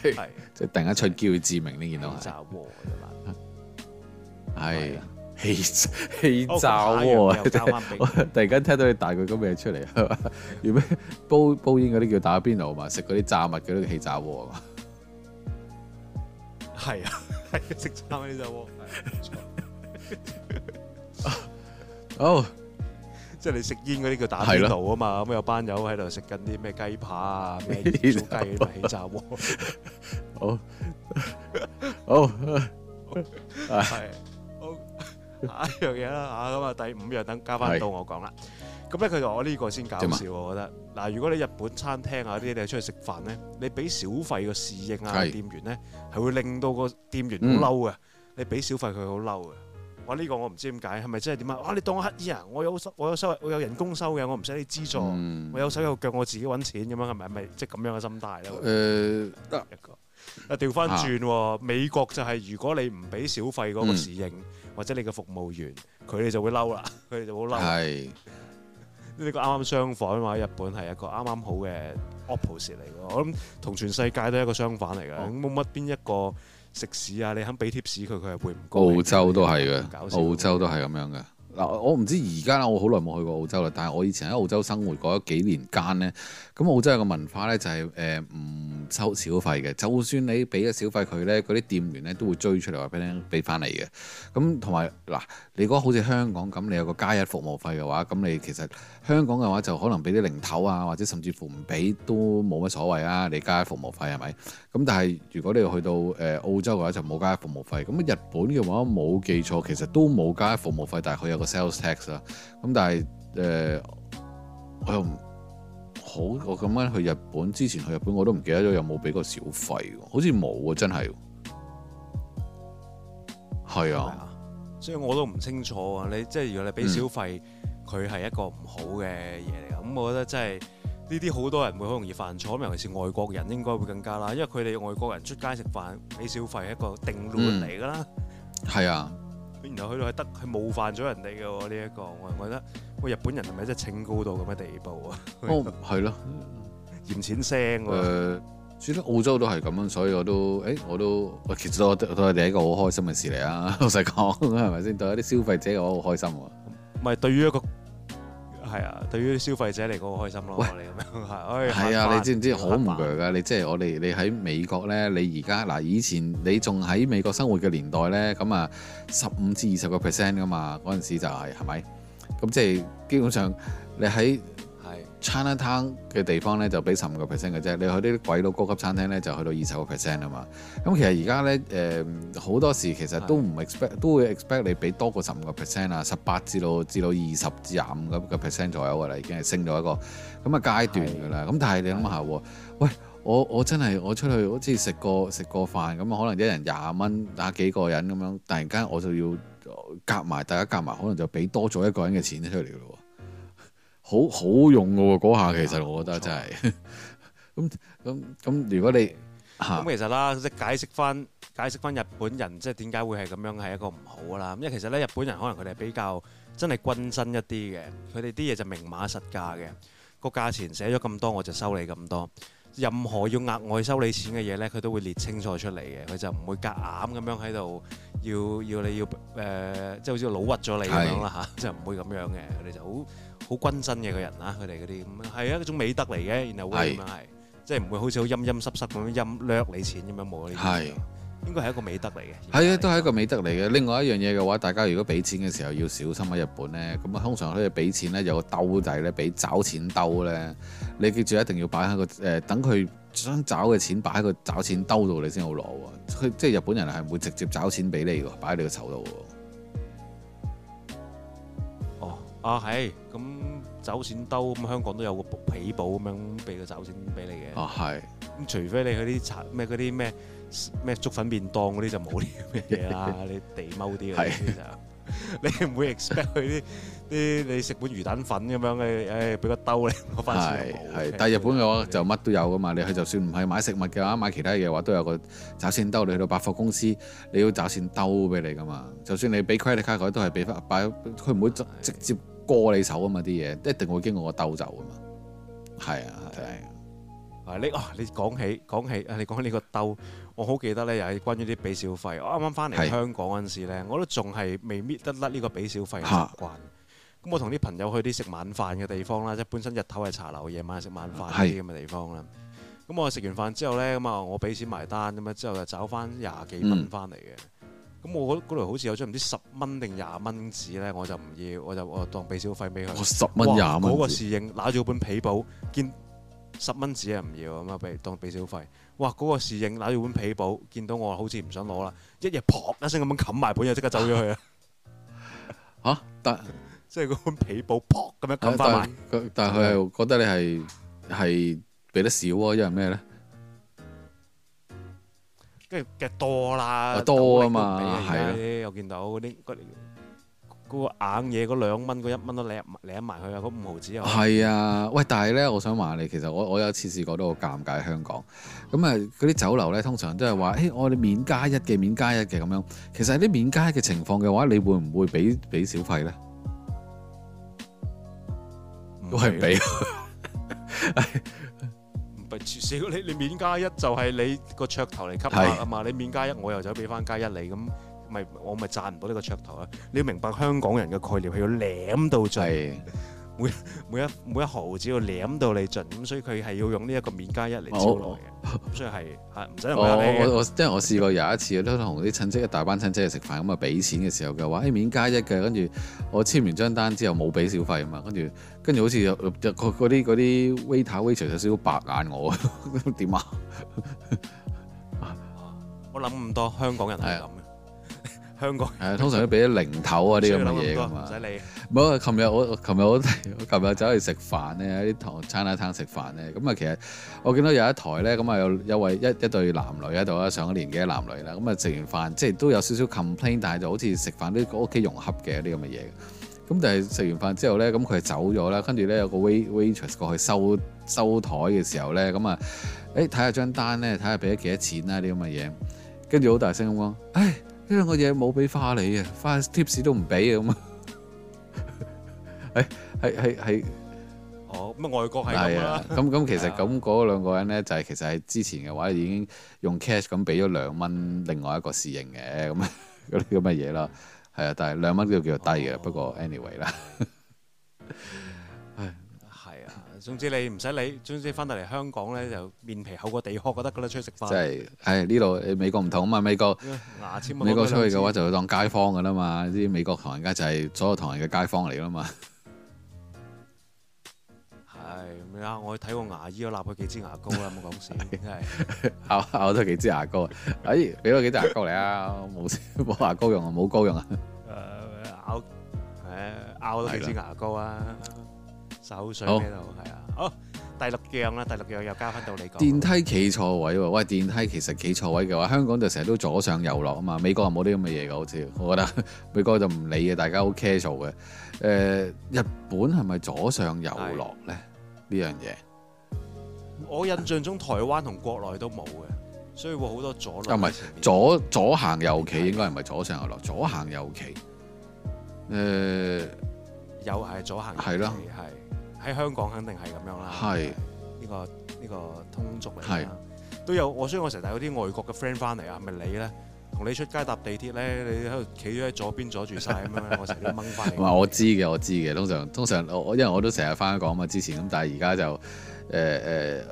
係，即係突然間出機會志明呢？呢件都係。係氣氣炸鍋，啊、okay，突然間聽到你大佢咁嘢出嚟，原嚟煲煲煙嗰啲叫打邊爐嘛，食嗰啲炸物啲叫氣炸鍋嘛，係啊，係食炸嗰啲炸鍋，哦，即係你食煙嗰啲叫打邊爐啊嘛，咁有班友喺度食緊啲咩雞扒啊咩燒雞啊，氣炸鍋，好，好，係。下一樣嘢啦嚇，咁啊第五樣等加翻到我講啦。咁咧佢就話我呢個先搞笑麼我覺得嗱，如果你日本餐廳啊啲你出去食飯咧，你俾小費個侍應啊是店員咧，係會令到個店員好嬲嘅。嗯、你俾小費佢好嬲嘅。我、啊、呢、呢個我唔知點解，係咪真係點啊？哇！你當我乞兒啊？我有，我有，我，有我有收，我有人工收嘅，我唔使你資助。嗯、我有手有腳，我自己揾錢咁、就是、樣係咪？咪即係咁樣嘅心態咧？一個、嗯、啊，調翻轉，美國就係如果你唔俾小費嗰個侍應。嗯嗯或者你嘅服務員，佢哋就會嬲啦，佢哋就好嬲。係呢 是 個啱啱相反啊嘛，日本係一個啱啱好嘅 opposite 嚟㗎。我諗同全世界都係一個相反嚟㗎。冇乜邊一個食肆啊，你肯俾貼士佢，佢係會唔高。澳洲都係嘅， 澳洲都係咁樣嘅。嗱，我唔知而家我好耐冇去過澳洲啦。但係我以前喺澳洲生活過咗幾年間呢。咁澳洲有個文化呢、就係，就係誒唔收小費嘅，就算你俾咗小費佢呢，嗰啲店員呢都會追出嚟話俾你俾翻你嘅。咁同埋嗱，你如果好似香港咁，你有個加一服務費嘅話，咁你其實香港嘅話就可能俾啲零頭啊，或者甚至乎唔俾都冇乜所謂啊。你加一服務費係咪？咁但係如果你去到誒澳洲嘅話就冇加服務費，咁日本嘅話冇記錯其實都冇加服務費，但係佢有個 sales tax 啦。咁但係誒我又唔好，我咁樣去日本之前去日本我都唔記得咗有冇俾過小費喎，好似冇喎，真係。係啊，所以我都唔清楚啊。你即係如果你俾小費，佢係、嗯、一個唔好嘅嘢嚟，咁、嗯、我覺得真係。呢啲好多人會好容易犯錯，尤其是外國人應該會更加啦，因為佢哋外國人出街食飯俾小費係一個定律嚟㗎啦。係、嗯、啊，然後去到係得係冒犯咗人哋㗎喎呢一個，我覺得喂日本人係咪真係清高到咁嘅地步，哦、啊？哦，係咯，嫌錢聲喎、啊呃。算得澳洲都係咁樣，所以我都誒、欸，我都其實我我哋係第一個好開心嘅事嚟啊！老實講，係咪先對一啲消費者我好開心喎？唔係對於一個。係啊，對於消費者嚟講好開心咯。喂，咁係、哎、啊，慢你知唔知好唔 a j 你即係我哋，你喺美國咧，你而家嗱以前你仲喺美國生活嘅年代咧，咁啊十五至二十個 percent 㗎嘛，嗰陣時就係係咪？咁即係基本上你喺。China Town 嘅地方咧，就俾十五個 percent 嘅啫。你去啲鬼佬高級餐廳咧，就去到二十個 percent 啊嘛。咁、嗯、其實而家咧，誒、呃、好多時其實都唔 expect，的都會 expect 你俾多過十五個 percent 啊，十八至到至到二十至廿五咁嘅 percent 左右㗎啦，已經係升咗一個咁嘅階段㗎啦。咁的但係你諗下，的喂，我我真係我出去好似食個食個飯咁啊，可能一人廿蚊打幾個人咁樣，突然間我就要夾埋大家夾埋，可能就俾多咗一個人嘅錢出嚟㗎喎。好好用㗎喎，嗰下其實我覺得真係，咁咁咁， 如果你咁、嗯、其實啦，即解釋翻，解釋翻日本人即係點解會係咁樣係一個唔好啦。因為其實咧，日本人可能佢哋係比較真係均真一啲嘅，佢哋啲嘢就明碼實價嘅，個價錢寫咗咁多，我就收你咁多。任何要額外收你錢嘅嘢咧，佢都會列清楚出嚟嘅，佢就唔會夾硬咁樣喺度要硬要你要誒，即係好似老屈咗你咁樣啦嚇，即係唔會咁樣嘅，佢、呃、哋就好。的 好均真嘅個人啦，佢哋嗰啲咁，係一種美德嚟嘅。然後會咁樣係，即係唔會好似好陰陰濕濕咁樣陰掠你錢咁樣冇。係，應該係一個美德嚟嘅。係啊，都係一個美德嚟嘅。另外一樣嘢嘅話，大家如果俾錢嘅時候要小心喺日本咧。咁通常佢哋俾錢咧有個兜底咧，俾、呃、找、找錢兜咧，你記住一定要擺喺個誒等佢想找嘅錢擺喺個找錢兜度，你先好攞喎。即係日本人係唔會直接找錢俾你㗎，擺喺你個手度㗎。哦，啊係咁。走找兜，咁香港都有個皮包咁樣俾個找錢俾你嘅。哦，係。咁除非你去啲茶咩嗰啲咩咩粥粉便當嗰啲就冇呢啲咁嘅嘢啦。你地踎啲嘅其實。你唔會 expect 佢啲啲你食碗魚蛋粉咁樣嘅，唉，俾個兜你攞翻上。係係。但係日本嘅話就乜都有噶嘛。你去就算唔係買食物嘅話，買其他嘢嘅話都有個找錢兜。你去到百貨公司，你要找錢兜俾你噶嘛。就算你俾 credit card 都係俾翻，擺佢唔會直接，過你手啊嘛啲嘢，一定會經過個兜走啊嘛，係啊，係啊。啊對你啊你講起講起啊你講起呢個兜，我好記得咧，又係關於啲俾小費。我啱啱翻嚟香港嗰陣時咧，啊、我都仲係未搣得甩呢個俾小費嘅習慣。咁哈我同啲朋友去啲食晚飯嘅地方啦，即係本身日頭係茶樓，夜晚係食晚飯啲咁嘅地方啦。咁、啊、我食完飯之後咧，咁啊我俾錢埋單咁啊之後就找翻廿幾蚊翻嚟嘅。嗯咁我嗰度好似有張唔知十蚊定廿蚊紙咧，我就唔要，我就我就當俾小費俾佢。我十蚊廿蚊。嗰、嗰個侍應攞住本被簿，見十蚊紙啊，唔要咁啊，俾當俾小費。哇！嗰、嗰個侍應攞住本被簿，見到我好似唔想攞啦，一嘢撲一聲咁樣冚埋本，就即刻走咗去啊！吓？ 但即係嗰本被簿撲咁樣冚翻埋。但係佢又覺得你係係俾得少啊？因為咩咧？即係嘅多啦，多啊嘛，而家啲我見到嗰啲嗰個硬嘢，嗰兩蚊、嗰一蚊都攬攬埋佢啊，嗰五毫紙又係啊！喂，但係咧，我想話你，其實我我有次試過都好尷尬喺香港。咁啊，嗰啲酒樓咧，通常都係話，誒，我哋免加一嘅、免加一嘅咁樣。其實係啲免加一嘅情況嘅話，你會唔會俾俾小費咧？都係唔俾。至少你你免加一就係你個噱頭嚟吸客啊嘛，是你免加一我，我又走俾翻加一你，咁咪我咪賺唔到呢個噱頭啊。你要明白香港人嘅概念係要舐到盡。每每一每一毫子要舐到你盡，咁所以佢係要用呢一個免加一嚟操作嘅，咁我所以係嚇唔使同我我即係我，我試過有一次都同啲親戚一大班親戚去食飯，咁啊俾錢嘅時候，佢話、欸、免加一嘅，跟住我簽完張單之後冇俾小費啊嘛，跟住跟住好似嗰啲嗰啲 waiter waiter 有少少白眼我，點 樣啊？ 我諗唔多，香港人係咁。香港係通常都俾啲零頭啊啲咁嘅嘢㗎嘛，唔使理。冇啊！琴日我琴日我琴日走去食飯咧，喺啲堂餐廳㗎，食飯咧。咁啊，其實我見到有一台咧，咁啊有有位一一對男女喺度啦，上咗年紀嘅男女啦。咁啊食完飯，即係都有少少 complain，但係就好似食飯都、呢個屋企融合嘅啲咁嘅嘢。咁但係食完飯之後咧，咁佢走咗啦，跟住咧有個 waitress 過去收收台嘅時候咧，咁啊，誒睇下張單咧，睇下俾咗幾多錢啊啲咁嘅嘢，跟住好大聲咁講，唉！呢兩個嘢冇俾花你啊，花 tips 都唔俾啊咁啊，係係係係， 哎哎哎、 哦乜外國係咁啊，咁咁 其實咁嗰兩個人咧就係、是、其實係之前嘅話已經用 cash 咁俾咗兩蚊另外一個侍應嘅咁嗰啲咁嘅嘢啦，係啊，但係兩蚊都叫做低嘅，哦、不過 anyway 啦。哈哈。總之你唔使理，總之翻到嚟香港咧就面皮厚過地殼，覺得㗎啦，出去食飯。即係，係呢度美國唔同啊嘛，美國牙籤，美國出去嘅話就當街坊㗎啦嘛，啲美國唐人街就係所有唐人嘅街坊嚟㗎嘛。係咩啊？我去睇過牙醫，都立咗幾支牙膏啦，冇講事。咬咬咗幾支牙膏，哎，俾咗幾支牙膏嚟啊？冇冇牙膏用啊？冇膏用啊？咬誒咬咗幾支牙膏啊？手水喺度，係啊、oh.，好、oh, 第六樣啦，第六樣又加翻到你講。電梯企錯位喎，喂，電梯其實企錯位嘅話，香港就成日都左上右落啊嘛，美國又冇啲咁嘅嘢嘅，好似我覺得美國就唔理嘅，大家好 casual 嘅。誒、uh,，日本係咪左上右落咧？呢樣嘢，我印象中台灣同國內都冇嘅，所以會好多左落。啊，唔係左左行右企應該唔係左上右落？左行右企，誒的，右係左行右，係、呃、咯，係。的喺香港肯定係咁樣啦，呢是、呢個、呢個通俗嚟啦，是都有我所以，我成日有啲外國嘅 friend 翻嚟啊，咪你咧，同你出街搭地鐵咧，你喺度企咗喺左邊阻住晒咁樣， 我成日都掹翻。唔係我知嘅，我知嘅，通常通常我因為我都成日翻香港嘛，之前咁，但係而家就誒誒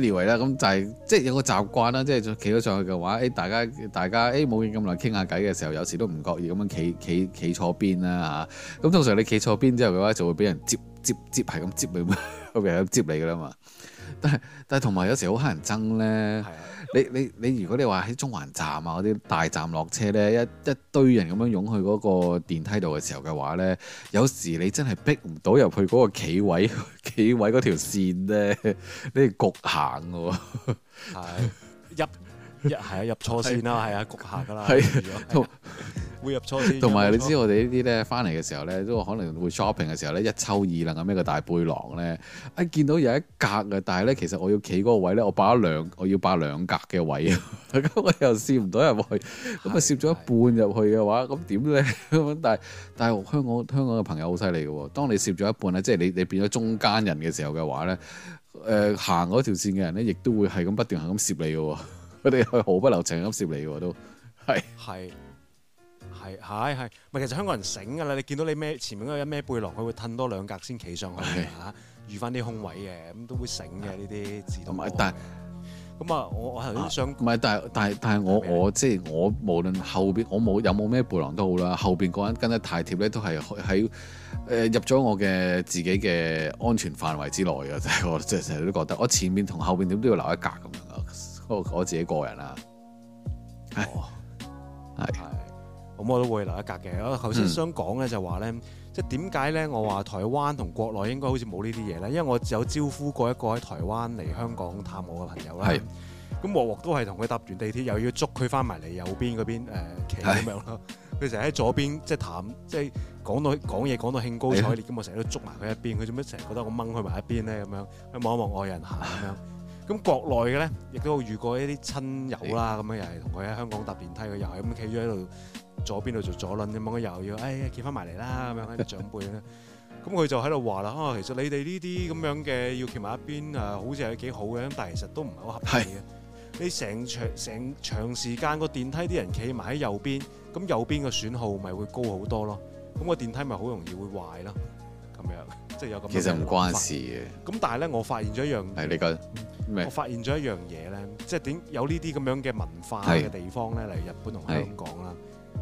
，anyway 啦，咁、欸呃、就係即係有個習慣啦，即係企咗上去嘅話，誒大家大家誒冇咁耐傾下偈嘅時候，有時都唔覺意咁樣企企企錯邊啦嚇，咁通常你企錯邊之後嘅話，會就會俾人接。接接係咁接，接，接你，我哋係接你㗎啦嘛。但係但係同埋有時好乞人憎呢，的你你你如果你話喺中環站啊嗰啲大站落車呢，一一堆人咁樣擁去嗰個電梯度嘅時候嘅話呢，有時你真係逼唔到入去嗰個企位，企位嗰條線咧，你係焗行嘅喎。 的 係啊，入錯線啦，係啊，啊，焗下噶啦，會入錯線，啊。同埋你知我哋呢啲咧，翻嚟嘅時候咧，都可能會 shopping 嘅時候咧，一抽二，掕咁一個大背囊咧，一、哎、見到有一格嘅，但係咧，其實我要企嗰個位咧，我擺兩我要擺兩格嘅位，咁 我又攝唔到入去，咁是啊攝咗一半入去嘅話，咁點咧？咁 但係但係香港香港嘅朋友好犀利嘅。當你攝咗一半咧，即、就、係、是、你你變咗中間人嘅時候嘅話咧，誒、呃、行嗰條線嘅人咧，亦都會係咁不斷係咁攝你嘅。佢哋係毫不留情咁攝你嘅，都係係係係，唔係其實香港人醒噶啦。你見到你咩前面嗰人咩背囊，佢會褪多兩格先企上去吓，預翻啲空位嘅，咁都會醒嘅呢啲自動。唔係，但咁啊，我我頭先想唔係，但但但係我你我即係我無論後邊我冇有冇咩背囊都好啦，後邊嗰人跟得太貼咧，都係喺誒入咗我嘅自己嘅安全範圍之內嘅。就係我，即係成日都覺得，我前面同後邊點都要留一格咁樣咯。我我自己個人啦，係係、哦，咁唉我都會留一格嘅。我頭先想講咧就話咧，即係點解咧？我話台灣同國內應該好似冇呢啲嘢咧，因為我有招呼過一個喺台灣嚟香港探我嘅朋友咧。咁鑊鑊都係同佢搭完地鐵，又要捉佢返埋嚟右邊嗰邊企咁樣咯。佢成日喺左邊，即係談，即係講到講嘢講到興高采烈咁，唉我成日都捉埋佢一邊，佢做咩成日覺得我掹佢埋一邊咧咁樣？佢望一望外人嚇咁樣。 咁國內嘅咧，亦都遇過一啲親友啦，咁樣、嗯、又係同佢喺香港搭電梯，佢又係咁企咗喺度左邊度做左輪咁樣，佢又要誒企翻埋嚟啦咁樣，長輩咧，咁佢 就喺度話啦，其實你哋呢啲咁樣嘅要企埋一邊誒，好似係幾好嘅，但係其實都唔係好合理嘅。是你成長成長時間個電梯啲人企埋喺右邊，咁右邊個損耗咪會高好多咯，咁個電梯咪好容易會壞咯。咁樣，即係有咁。其實唔關事嘅。咁但係咧，我發現咗一樣。係你講。我發現咗一樣嘢咧，即係點有呢啲咁樣嘅文化嘅地方咧，例如日本同香港啦，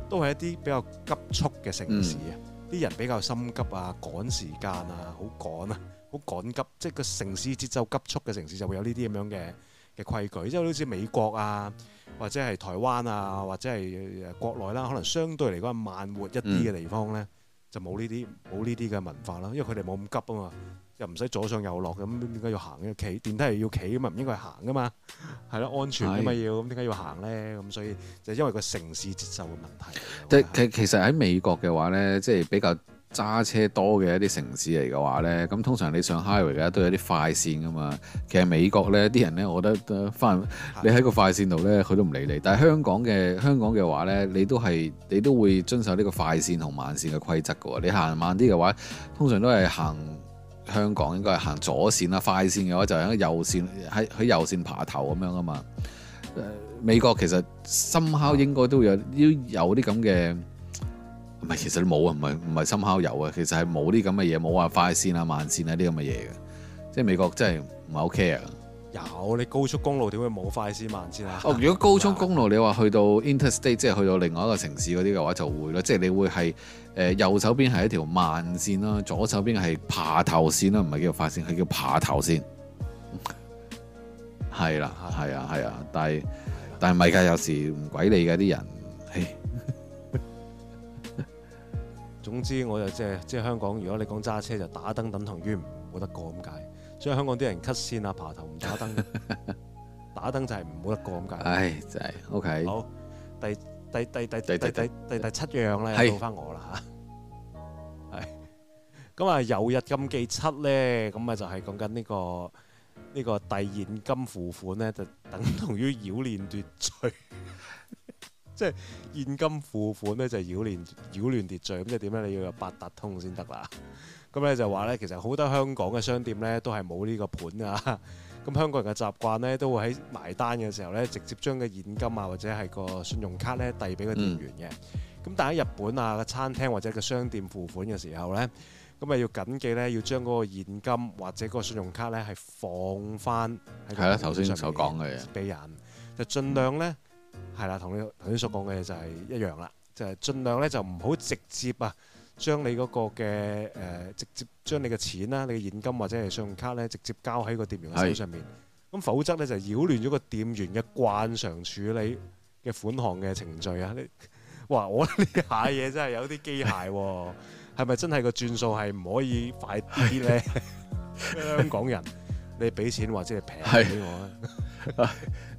都係一啲比較急促嘅城市啊，啲人比較心急啊，趕時間啊，好趕啊，好趕急，即係個城市節奏急促嘅城市就會有呢啲咁樣嘅嘅規矩，即係好似美國啊，或者係台灣啊，或者係國內啦，可能相對嚟講慢活一啲嘅地方咧。就冇呢啲冇呢啲嘅文化啦，因為佢哋冇咁急啊嘛，又唔使左上右落咁，點解要行咧？企電梯係要企咁啊，唔應該係行噶嘛，係咯，安全啊嘛的要，咁點解要行咧？咁所以就因為個城市節奏嘅問題。即其其實喺美國嘅話咧，即係比較。揸車多嘅一啲城市嚟嘅話呢，咁通常你上 highway 都有啲快線噶嘛。其實美國呢啲人呢，我覺得翻你喺個快線度呢，佢都唔理你。但係香港嘅香港嘅話呢，你都係你都會遵守呢個快線同慢線嘅規則嘅喎。你行慢啲嘅話，通常都係行香港應該係行左線啦。快線嘅話就喺右線喺喺右線爬頭咁樣啊嘛。呃，美國其實 somehow 應該都有都有啲咁嘅。唔係，其實你冇啊，唔係唔係深烤油啊，其實係冇啲咁嘅嘢，冇話快線啊、慢線啊啲咁嘅嘢嘅。即係美國真係唔係 OK 啊？有你高速公路點會冇快線慢線啊？哦，如果高速公路你話去到 interstate，即係去到另外一個城市嗰啲嘅話，就會咯。即係你會係誒、呃、右手邊係一條慢線啦，左手邊係爬頭線啦，唔係叫快線，係叫爬頭線。係 啦，係啊，係啊，但係的但係唔係㗎，有時唔鬼理㗎啲人。總之，我就即係即係香港。如果你講揸車就打燈，等同於唔冇得過咁解。所以香港啲人 cut 線啊、爬頭唔打燈， 打燈就係唔冇得過咁解。唉、 哎，就係、是、OK。好，第第第第第第第第，第七樣咧，到返我啦嚇。係是。咁啊，有日禁忌七咧，咁啊就係講緊呢個呢、這個遞現金付款咧，就等同於妖孽奪取。 即係現金付款咧，就擾亂擾亂秩序咁，即係點咧？你要有八達通先得啦。咁 咧就話咧，其實好多香港嘅商店咧都係冇呢個盤啊。咁 香港人嘅習慣咧，都會喺埋單嘅時候咧，直接將個現金啊或者係個信用卡咧遞俾個店員嘅。咁、嗯、但喺日本啊個餐廳或者個商店付款嘅時候咧，咁啊、嗯、要緊記咧要將嗰個現金或者個信用卡咧係放翻喺頭先所講嘅嘢俾人，嗯、就盡量咧。嗯係啦，同你頭先所講嘅嘢就係一樣啦，就係、是、盡量咧就唔好直接啊，將你嗰個嘅誒直接將你嘅錢啦、你嘅現金或者係信用卡咧直接交喺個店員嘅手上面，咁的否則咧就擾亂咗個店員嘅慣常處理嘅款項嘅程序啊！你哇，我呢下嘢真係有啲機械喎、啊，係咪 真係個轉數係唔可以快啲咧？香港 人。你俾錢或者係平俾我啊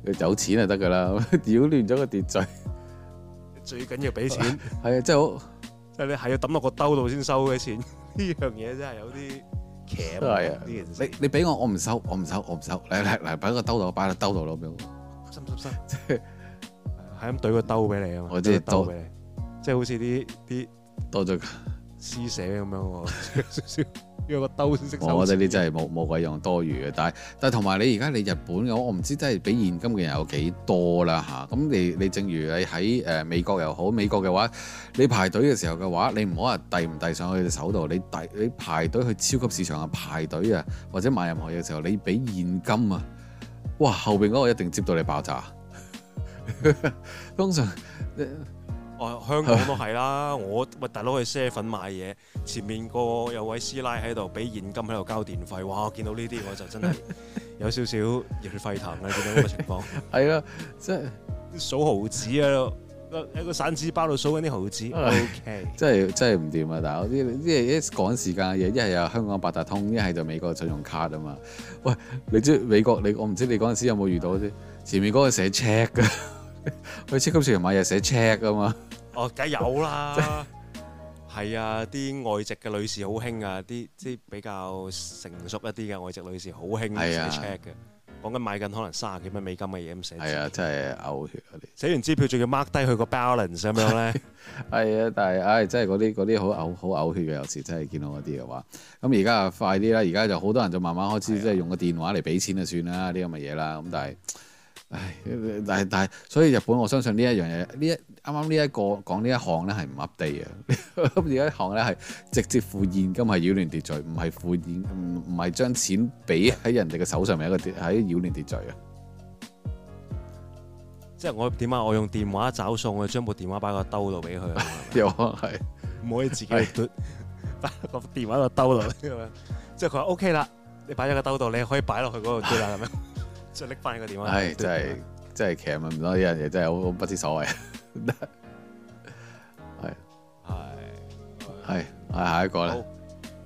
是！ 有錢就得噶啦，擾 亂咗個秩序。最緊要俾錢。係啊， 即係好， 即係你係要抌落個兜度先收嘅錢。呢 樣嘢真係有啲騎呢！呢件事。你你俾我，我唔收，我唔收，我唔收。嚟嚟嚟，擺個兜度，擺喺兜度落俾我。收收收，即係係咁懟個兜俾你啊！我知，兜俾你，即係好似啲啲多咗施捨咁樣喎， 用個兜先識收。我覺得呢真係冇冇鬼用，多餘嘅，但係但係同埋你而家你日本嘅話，我唔知真係俾現金嘅人有幾多啦嚇。咁、啊、你你正如你喺誒、呃、美國又好，美國嘅話，你排隊嘅時候嘅話，你唔好話遞唔遞上去隻手度，你遞你排隊去超級市場啊排隊啊，或者買任何嘢嘅時候，你俾現金啊，哇後邊嗰個一定接到你爆炸。 通常。啊！香港都係啦，我喂大佬去啡粉買嘢，前面個有位師奶喺度俾現金喺度交電費，哇！我見到呢啲我就真係有少少熱血沸騰 啊！咁情況係啊，即係數毫子啊，個喺個散紙包度數緊啲毫子， okay 真係真係唔掂啊！大佬啲即係一趕時間嘅嘢，一係有香港八達通，一係就美國信用卡啊嘛。喂，你知美國你我唔知你嗰陣時有冇遇到啲前面嗰個寫 check 㗎。去超級市場買嘢寫 check 啊嘛，哦，梗有啦，係 啊，啲外籍嘅女士好興啊，啲即係比較成熟一啲嘅外籍女士好興寫 check 嘅，講緊、啊、買緊可能卅幾蚊美金嘅嘢咁寫。係啊，真係嘔血嗰、啊、啲，你寫完支票仲要 mark 低佢個 balance 咁樣咧。係啊，啊，但係唉、哎，真係嗰啲嗰啲好嘔好嘔血嘅，有時真係見到嗰啲嘅話。咁而家啊快啲啦，而家就好多人就慢慢開始即係、啊啊、用個電話嚟俾錢就算啦，啲咁嘅嘢啦。咁但係。唉，但係但係，所以日本我相信呢一樣嘢，呢、呢個、一啱啱呢一個講呢一行咧係唔 update 嘅，咁而家行咧係直接付現金係擾亂秩序，唔係付現，唔唔係將錢俾喺人哋嘅手上面一個喺擾亂秩序啊！即係我點啊？我用電話找數，我將部電話擺個兜度俾佢。有啊 是，係唔可以自己攞？把個電話喺個兜度咁樣， 即係佢話 OK 啦，你擺咗個兜度，你可以擺落去嗰度啦，咁樣。就拎翻你個電話，係、就係、真係真係其實咪唔多呢樣嘢，真係好好不知所謂。係係係係下一個咧。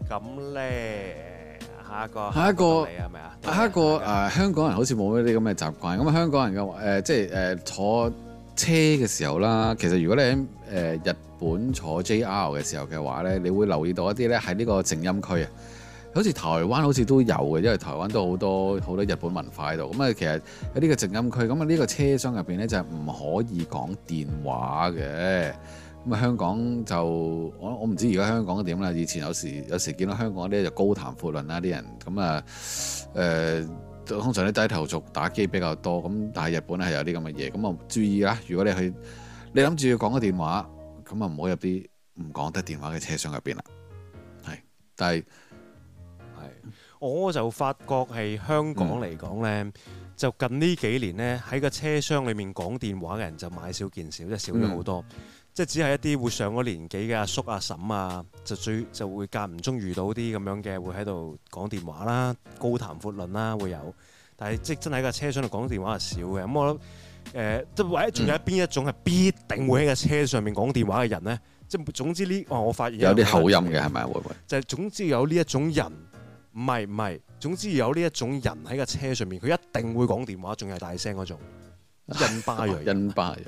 咁咧下一個，下一個係咪啊？下一個誒香港人好似冇呢啲咁嘅習慣。咁啊香港人嘅誒即係誒坐車嘅時候啦，其實如果你喺誒、呃、日本坐 JR 嘅時候嘅話咧，你會留意到一啲咧喺呢個靜音區啊。好似台灣好似都有嘅，因為台灣都好多好多日本文化喺度。咁啊，其實喺呢個靜音區，咁啊呢個車廂入邊呢，就係唔可以講電話嘅。咁啊，香港就我我唔知而家香港點啦。以前有時有時見到香港啲就高談闊論啦，啲人咁啊誒，通常啲低頭族打機比較多。咁但係日本咧係有啲咁嘅嘢。咁啊注意啦，如果你去你諗住要講個電話，咁啊唔好入啲唔講得電話嘅車廂入邊啦。係，但係。我就發覺係香港嚟講咧，Mm. 就近呢幾年咧，喺個車廂裏面講電話嘅人就買少見少，即係少咗好多。Mm. 即係只係一啲會上咗年紀嘅阿、啊、叔阿、啊、嬸啊，就最就會間唔中遇到啲咁樣嘅會喺度講電話啦、高談闊論啦，會有。但係即係真係喺個車廂度講電話係少嘅。咁我諗誒，即或者仲有邊一種係必定會喺架車上面講電話嘅人咧？即係、嗯、總之呢、哦，我發現有啲口音嘅係咪？吧會唔會？就係總之有呢一種人。唔係唔係，總之有呢一種人喺架車上面，佢一定會講電話，仲係大聲嗰種印巴裔。印巴裔，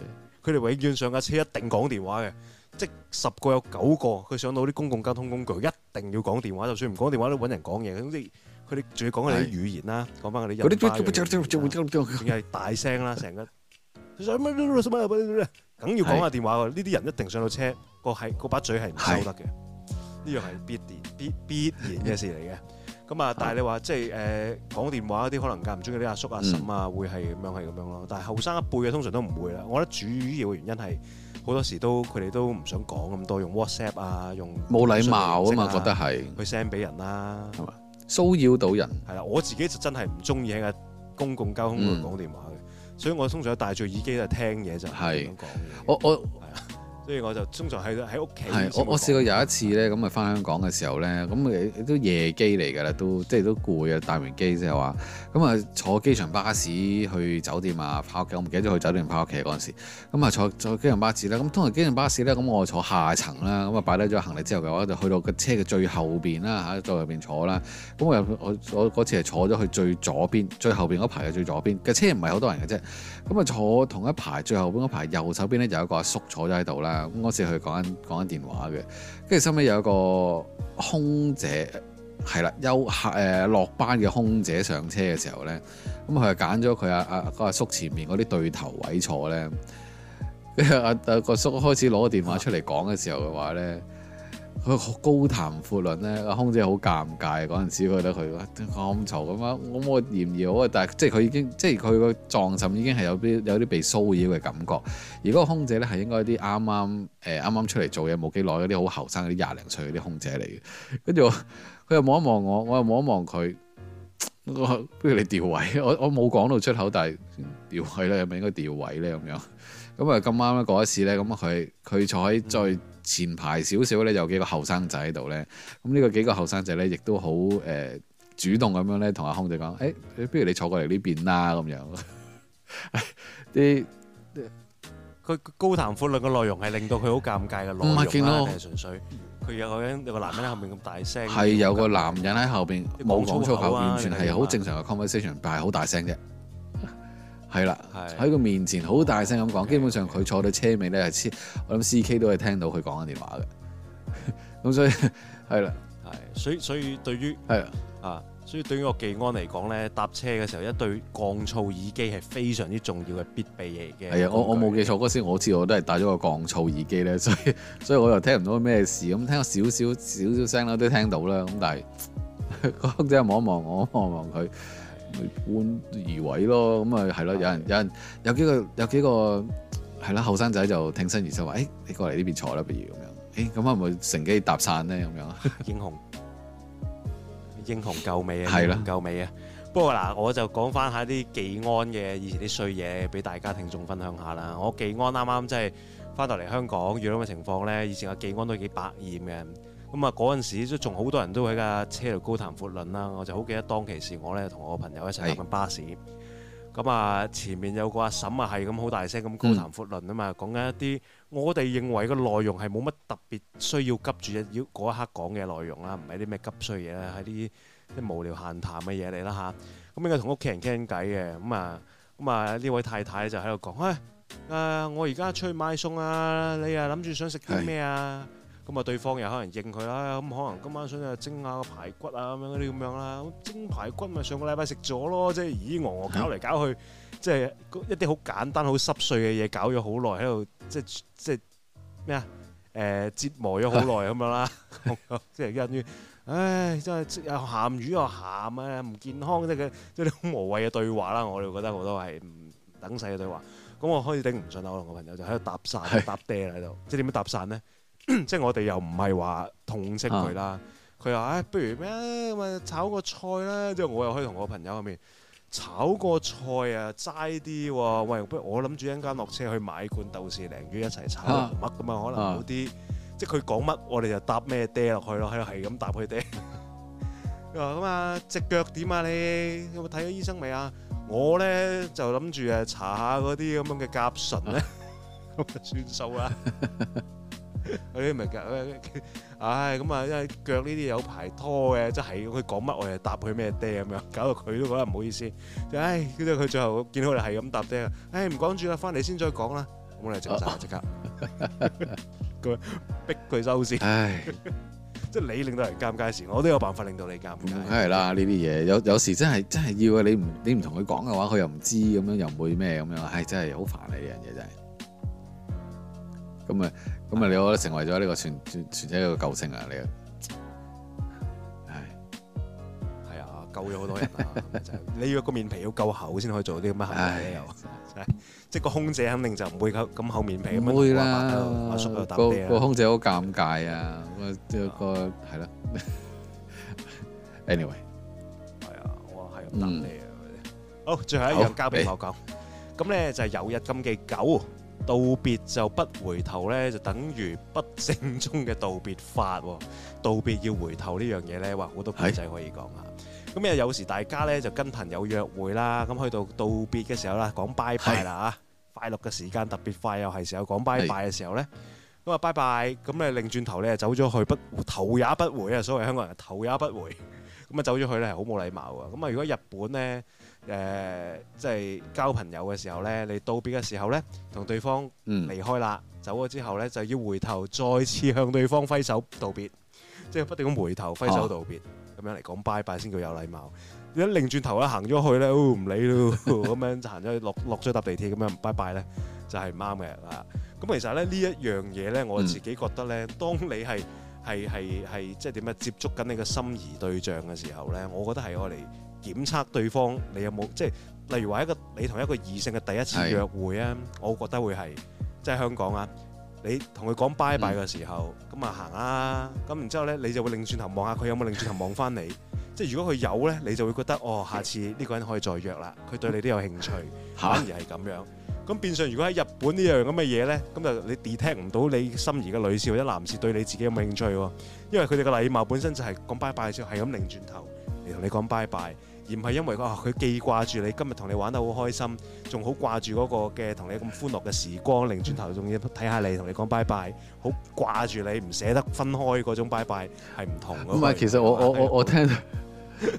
佢哋永遠上架車一定講電話嘅，即係十個有九個，佢上到啲公共交通工具一定要講電話，就算唔講電話都揾人講嘢。總之佢哋仲要講嗰啲語言啦，講翻嗰啲印巴裔。仲係大聲啦？成個，想乜都得，想乜又俾你。梗要講下電話喎！呢啲人一定上到車個係個把嘴係唔收得嘅，呢樣係必然必必然嘅事嚟嘅。咁啊！但係你話即係誒、呃、講電話啲，可能間唔中意啲阿叔、嗯、阿嬸啊，會係咁樣係咁樣咯。但係後生一輩嘅通常都唔會啦。我覺得主要嘅原因係好多時都佢哋都唔想講咁多，用 WhatsApp 啊，用冇禮貌啊嘛，啊覺得係。去 send 俾人啦、啊，係嘛吧？騷擾到人係啦，我自己就真係唔中意喺個公共交通度、嗯、講電話嘅，所以我通常戴住耳機嚟聽嘢就係咁講我我。所以我就通常喺喺屋企。係，我我試過有一次咧，咁啊翻香港嘅時候咧，咁都夜機嚟㗎啦，都即係都攰啊，帶完機即係話，咁啊坐機場巴士去酒店啊，翻屋企，我唔記得咗去酒店翻屋企嗰陣時，咁啊坐坐機場巴士咧，咁通常機場巴士咧，咁我坐下層啦，咁啊擺低咗行李之後嘅話，就去到個車嘅最後邊啦嚇，喺入邊坐啦，咁我我我嗰次係坐咗去最左邊，最後邊嗰排嘅最左邊，個車唔係好多人嘅啫。咁啊坐同一排最後邊嗰排右手邊咧就有一個阿叔，叔坐咗喺度啦。咁嗰時佢講緊講緊電話嘅，跟住收尾有一個空姐係啦，休客誒、呃、落班嘅空姐上車嘅時候咧，咁佢就揀咗佢阿阿嗰阿叔前面嗰啲對頭位坐咧。跟住阿阿叔開始攞電話出嚟講嘅時候嘅話咧。佢高談闊論咧，空姐好尷尬嗰陣時，覺得佢咁嘈咁樣，我冇嫌嫌我，但係即係佢已經，即係佢個裝神已經係有啲有啲被騷擾嘅感覺。而嗰個空姐咧係應該啲啱啱誒啱啱出嚟做嘢冇幾耐嗰啲好後生嗰啲廿零歲嗰啲空姐嚟嘅。跟住我，佢又望一望我，我又望一望佢。我，不如你調位，我我冇講到出口，但係調位咧係咪應該調位咧咁樣？咁啊咁啱咧嗰一次咧，咁佢佢坐喺最。嗯前排少少咧有幾個後生仔喺度咧，咁呢個幾個後生仔咧亦都好誒、呃、主動咁樣咧同阿康仔講，誒、欸，不如你坐過嚟呢邊啦咁樣。啲 佢、哎、高談闊論嘅內容係令到佢好尷尬嘅內容、嗯、係純粹佢有個有個男人喺後面咁大聲，係有個男人喺後邊冇講粗口，完全係好正常嘅 conversation，啊、但係好大聲啫。係啦，喺佢的面前好大聲咁講，okay, 基本上佢坐到車尾咧，okay, 我諗 C K 都係聽到佢講緊電話嘅，咁 所以係啦，係 了，所以所以對於係的啊，所以對於我技安嚟講咧，搭車嘅時候一對降噪耳機係非常之重要嘅必備嘢嘅。係啊，我我冇記錯嗰時，我知我都係戴咗個降噪耳機咧，所以所以我又聽唔到咩事，咁聽少少少少聲啦，都聽到啦，咁但係哥仔望一望我，望望佢。看搬移位咯，咁啊係咯，有人有人有幾個有幾個係啦，後生仔就挺身而出話，誒、欸、你過嚟、欸、呢邊坐啦，不如咁樣，誒咁係咪乘機搭訕咧咁樣啊？英雄，英雄救美啊，英雄救美啊！對了 不過嗱，我就講翻下啲技安嘅以前啲衰嘢，俾大家聽眾分享下啦。我技安啱啱即係翻到嚟香港遇到咁嘅情況咧，以前阿技安都幾百厭嘅。咁啊，嗰陣時都仲好多人都喺架車度高談闊論啦。我就好記得當其時，我咧同我朋友一齊搭緊巴士。咁啊的，前面有個阿嬸啊，係咁好大聲咁高談闊論啊嘛，講緊一啲我哋認為個內容係冇乜特別需要急住要嗰一刻講嘅內容啦，唔係啲咩急需嘢啦，係啲啲無聊閒談嘅嘢嚟啦吓，咁應該同屋企人傾偈嘅，咁啊咁啊呢位太太就喺度講：唉、哎，啊我而家出去買餸啊，你啊諗住想食啲咩啊？咁啊！對方又可能應佢啦，咁、嗯、可能今晚想啊蒸下個排骨啊，咁樣嗰啲咁樣啦。蒸排骨咪上個禮拜食咗咯，即係咦咿餓餓搞嚟搞去，即係一啲好簡單好濕碎嘅嘢，搞咗好耐喺度，即係即係咩啊？誒、呃、折磨咗好耐咁樣啦，嗯、 即係因於唉，真係又鹹魚又鹹啊，唔健康即係嘅，即係啲好無謂嘅對話啦。我哋覺得我都係唔等世嘅對話。咁我，我開始頂唔順啦，我同個朋友就喺度搭訕是搭嗲喺度，即係點樣搭訕咧？ 即係我哋又唔係話痛斥佢啦，佢話誒，不如咩啊，炒個菜啦，即係我又可以同我朋友喺面炒個菜啊，齋啲喎，喂，不如我諗住一間落車去買罐豆豉鯪魚一齊炒乜嘅嘛，啊、可能好啲。啊、即係佢講乜，我哋就搭咩嗲落去咯，係係咁搭佢嗲。佢話咁啊，隻腳點啊你有冇睇咗醫生未啊？我咧就諗住誒查下嗰啲咁樣嘅甲醇咧，咁就算數啦。佢咪搞？唉，咁啊，因為腳呢啲有排拖嘅，即係佢講乜我哋搭佢咩爹咁樣，搞到佢都覺得唔好意思。唉，咁到佢最後見到我哋係咁搭爹，唉，唔講住啦，翻嚟先再講啦。我哋就走，即刻佢逼佢收先。唉，即係你令到人尷尬時，我都有辦法令到你尷尬。係啦，呢啲嘢有有時真係真係要啊！你唔你唔同佢講嘅話，佢又唔知咁樣，又唔會咩咁樣？唉，真係好煩啊！呢樣嘢真係咁啊。咁啊！你我都成為咗呢個全全全體一個救星啊！你係係啊！救咗好多人啊！你要個面皮要夠厚先可以做啲咁嘅！又即係即係個空姐肯定就唔會咁厚面皮咁樣話白喺度阿叔又打地啊！個空姐好尷尬啊！個係啦。anyway 係啊！我，係咁答你啊！好，最後一樣交俾我講，咁咧就係有日金記狗。道別就不回頭咧，就等於不正宗嘅道別法喎。道別要回頭呢樣嘢咧，哇好多古仔可以講啊。咁啊，有時大家咧就跟朋友約會啦，咁去到道別嘅時候啦，講拜拜啦嚇。快樂嘅時間特別快，又係時候講拜拜嘅時候咧，咁啊拜拜，咁你擰轉頭你又走咗去不頭也不回啊。所謂香港人頭也不回，咁啊走咗去咧係好冇禮貌啊。咁啊如果日本咧？誒，即係、呃就是、交朋友嘅時候咧，你道別嘅時候咧，同對方離開啦，嗯、走咗之後咧，就要回頭再次向對方揮手道別，即、就、係、是、不斷咁回頭揮手道別，咁、啊、樣嚟講拜拜先叫有禮貌。一擰轉頭咧，行、哦、咗去咧，唔理咯，咁樣就行咗去落落咗搭地鐵咁樣拜拜咧，就係唔啱嘅啊。咁其實呢一樣嘢咧，我自己覺得咧，當你係係係係即係點啊，接觸緊你嘅心儀對象嘅時候咧，我覺得係我哋。檢測對方你有冇即係，例如話一個你同一個異性嘅第一次約會啊，是我覺得會係即係香港啊，你同佢講拜拜嘅時候，咁啊行啦，咁然後之後然之後咧你就會擰轉頭望下佢有冇擰轉頭望翻你， 即係如果佢有咧，你就會覺得哦下次呢個人可以再約啦，佢對你都有興趣， 反而係咁樣。咁變相如果喺日本呢樣咁嘅嘢咧，咁就你 detect 唔到你心儀嘅女士或者男士對你自己有冇興趣喎，因為佢哋嘅禮貌本身就係講拜拜嘅時候係咁擰轉頭嚟同你講拜拜。而唔係因為哇，佢、啊、記掛住你今日同你玩得好開心，仲好掛住嗰個嘅同你咁歡樂嘅時光，零轉頭仲要睇下你同你講拜拜，好掛住你唔捨得分開嗰種拜 y 係唔同嘅。唔係，其實我、啊、我我、哎、呦我聽。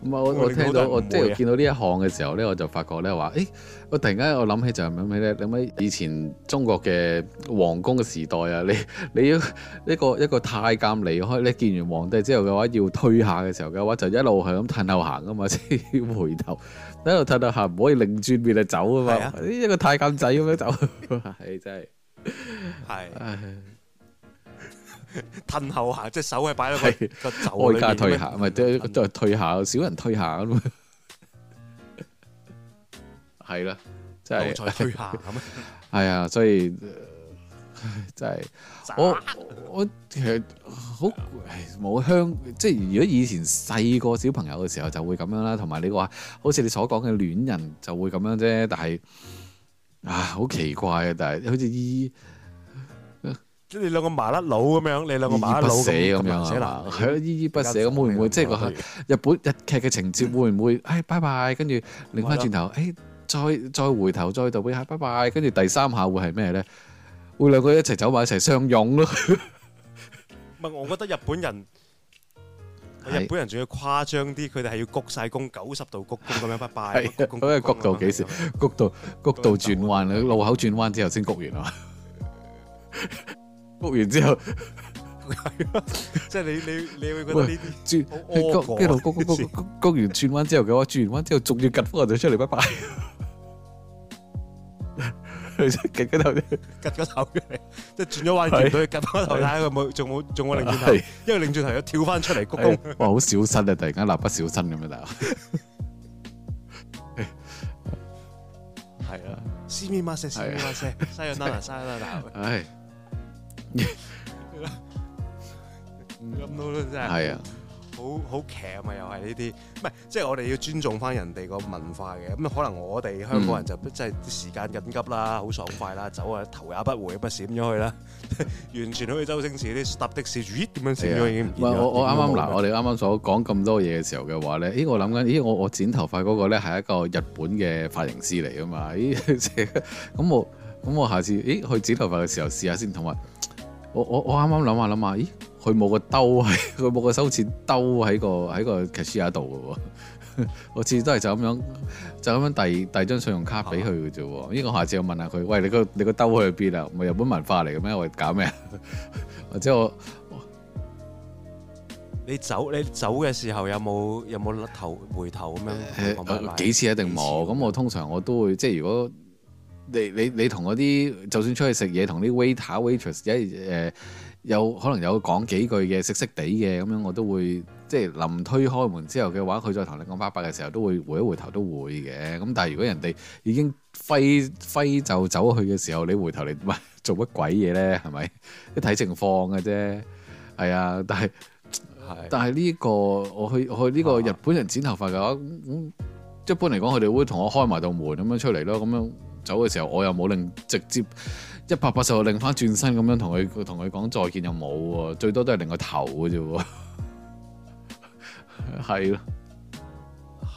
唔係我我聽到我即係見到呢一項嘅時候咧，我就發覺咧話、哎，誒我突然間我諗起就係諗起咧，諗起以前中國嘅皇宮嘅時代啊，你你要一個一個太監離開咧，你見完皇帝之後嘅話要退下嘅時候嘅話，就一路係咁褪後行啊嘛，即 係回頭一路褪後行，唔可以擰轉面就走啊嘛，呢是、啊、一個太監仔咁樣走 的，係真係係。褪後下，隻手係擺喺個走裏邊，我而家退下，唔係都係退下，小人退下咁啊，係 啦，即係我再退下咁啊，係啊， 所以 真係我我，我其實好冇香。即係如果以前細個小朋友嘅時候就會咁樣啦，同埋你話好似你所講嘅戀人就會咁樣啫，但係啊好奇怪啊，但係好似依。即係你兩個麻甩佬咁樣，你兩個麻甩佬咁樣啊，係咯依依不捨咁會唔會即係個日本日劇嘅情節會唔會誒拜拜，跟住擰翻轉頭誒再再回頭再道別下拜拜，跟住第三下會係咩咧？會兩個一齊走埋一齊相擁咯。唔係，我覺得日本人日本人仲要誇張啲，佢哋係要鞠晒躬，九十度鞠躬咁樣拜拜，鞠躬鞠到幾時？鞠到鞠到轉彎啊，路口轉彎之後先鞠完啊。焗完之後，係，即係你你你會覺得呢啲轉，一路焗焗焗焗焗完轉彎之後嘅話，轉完彎之後仲要夾翻我哋出嚟，拜拜。佢夾嗰頭，夾嗰頭嘅，即係轉咗彎轉到去夾翻頭，睇下佢冇仲冇仲冇擰轉頭，因為擰轉頭要跳翻出嚟鞠躬。哇，好小心啊！突然間立不小心咁樣，大佬。係啊，斯密馬舍，斯密馬舍，西雅納，西雅納，大佬。係。咁 到都真係，係啊，好好騎啊又係呢啲，唔係即係我哋要尊重翻人哋個文化嘅咁。可能我哋香港人就即係時間緊急啦，好爽快啦，走啊，頭也不回不閃咗去啦。完全好似周星馳啲搭的士。p t 點樣寫我我啱啱嗱，我哋啱啱所講咁多嘢嘅時候嘅話咧，咦？我諗緊，咦？我我剪頭髮嗰個咧係一個日本嘅髮型師嚟㗎嘛，咦？咁、嗯、我咁我下次咦去剪頭髮嘅時候試下先同埋。我我我啱啱諗下諗下，咦？佢冇個兜喎，佢 冇個收錢兜喺個喺個 cashier 度嘅，我次次都係就咁樣就咁樣遞遞張信用卡俾佢嘅啫喎。呢個下次我問下佢，喂，你個你個兜去邊呀？唔係日本文化嚟嘅咩？我搞咩啊？ 或者我你走你走嘅時候有冇有冇甩頭回頭咁樣？幾次一定冇。咁我通常我都會即係如果。你你你同嗰啲就算出去食嘢，同啲 waiter waitress 一誒有可能有講幾句嘅識識哋嘅咁樣，我都會即係臨推開門之後嘅話，佢再同你講拜拜嘅時候，都會回一回頭都會嘅。咁但係如果人哋已經揮揮就走去嘅時候，你回頭嚟，唔 做乜鬼嘢咧？係咪？ 一睇情況嘅啫，係啊。但係的但係呢、呢個我去我去呢個日本人剪頭髮嘅話，咁一般嚟講，佢哋、嗯、會同我開埋道門咁樣出嚟咯，咁樣。走嘅時候，我又冇擰直接一百八十度擰翻轉身咁樣同佢同佢講再見又冇喎，最多都係擰個頭嘅啫喎，係 咯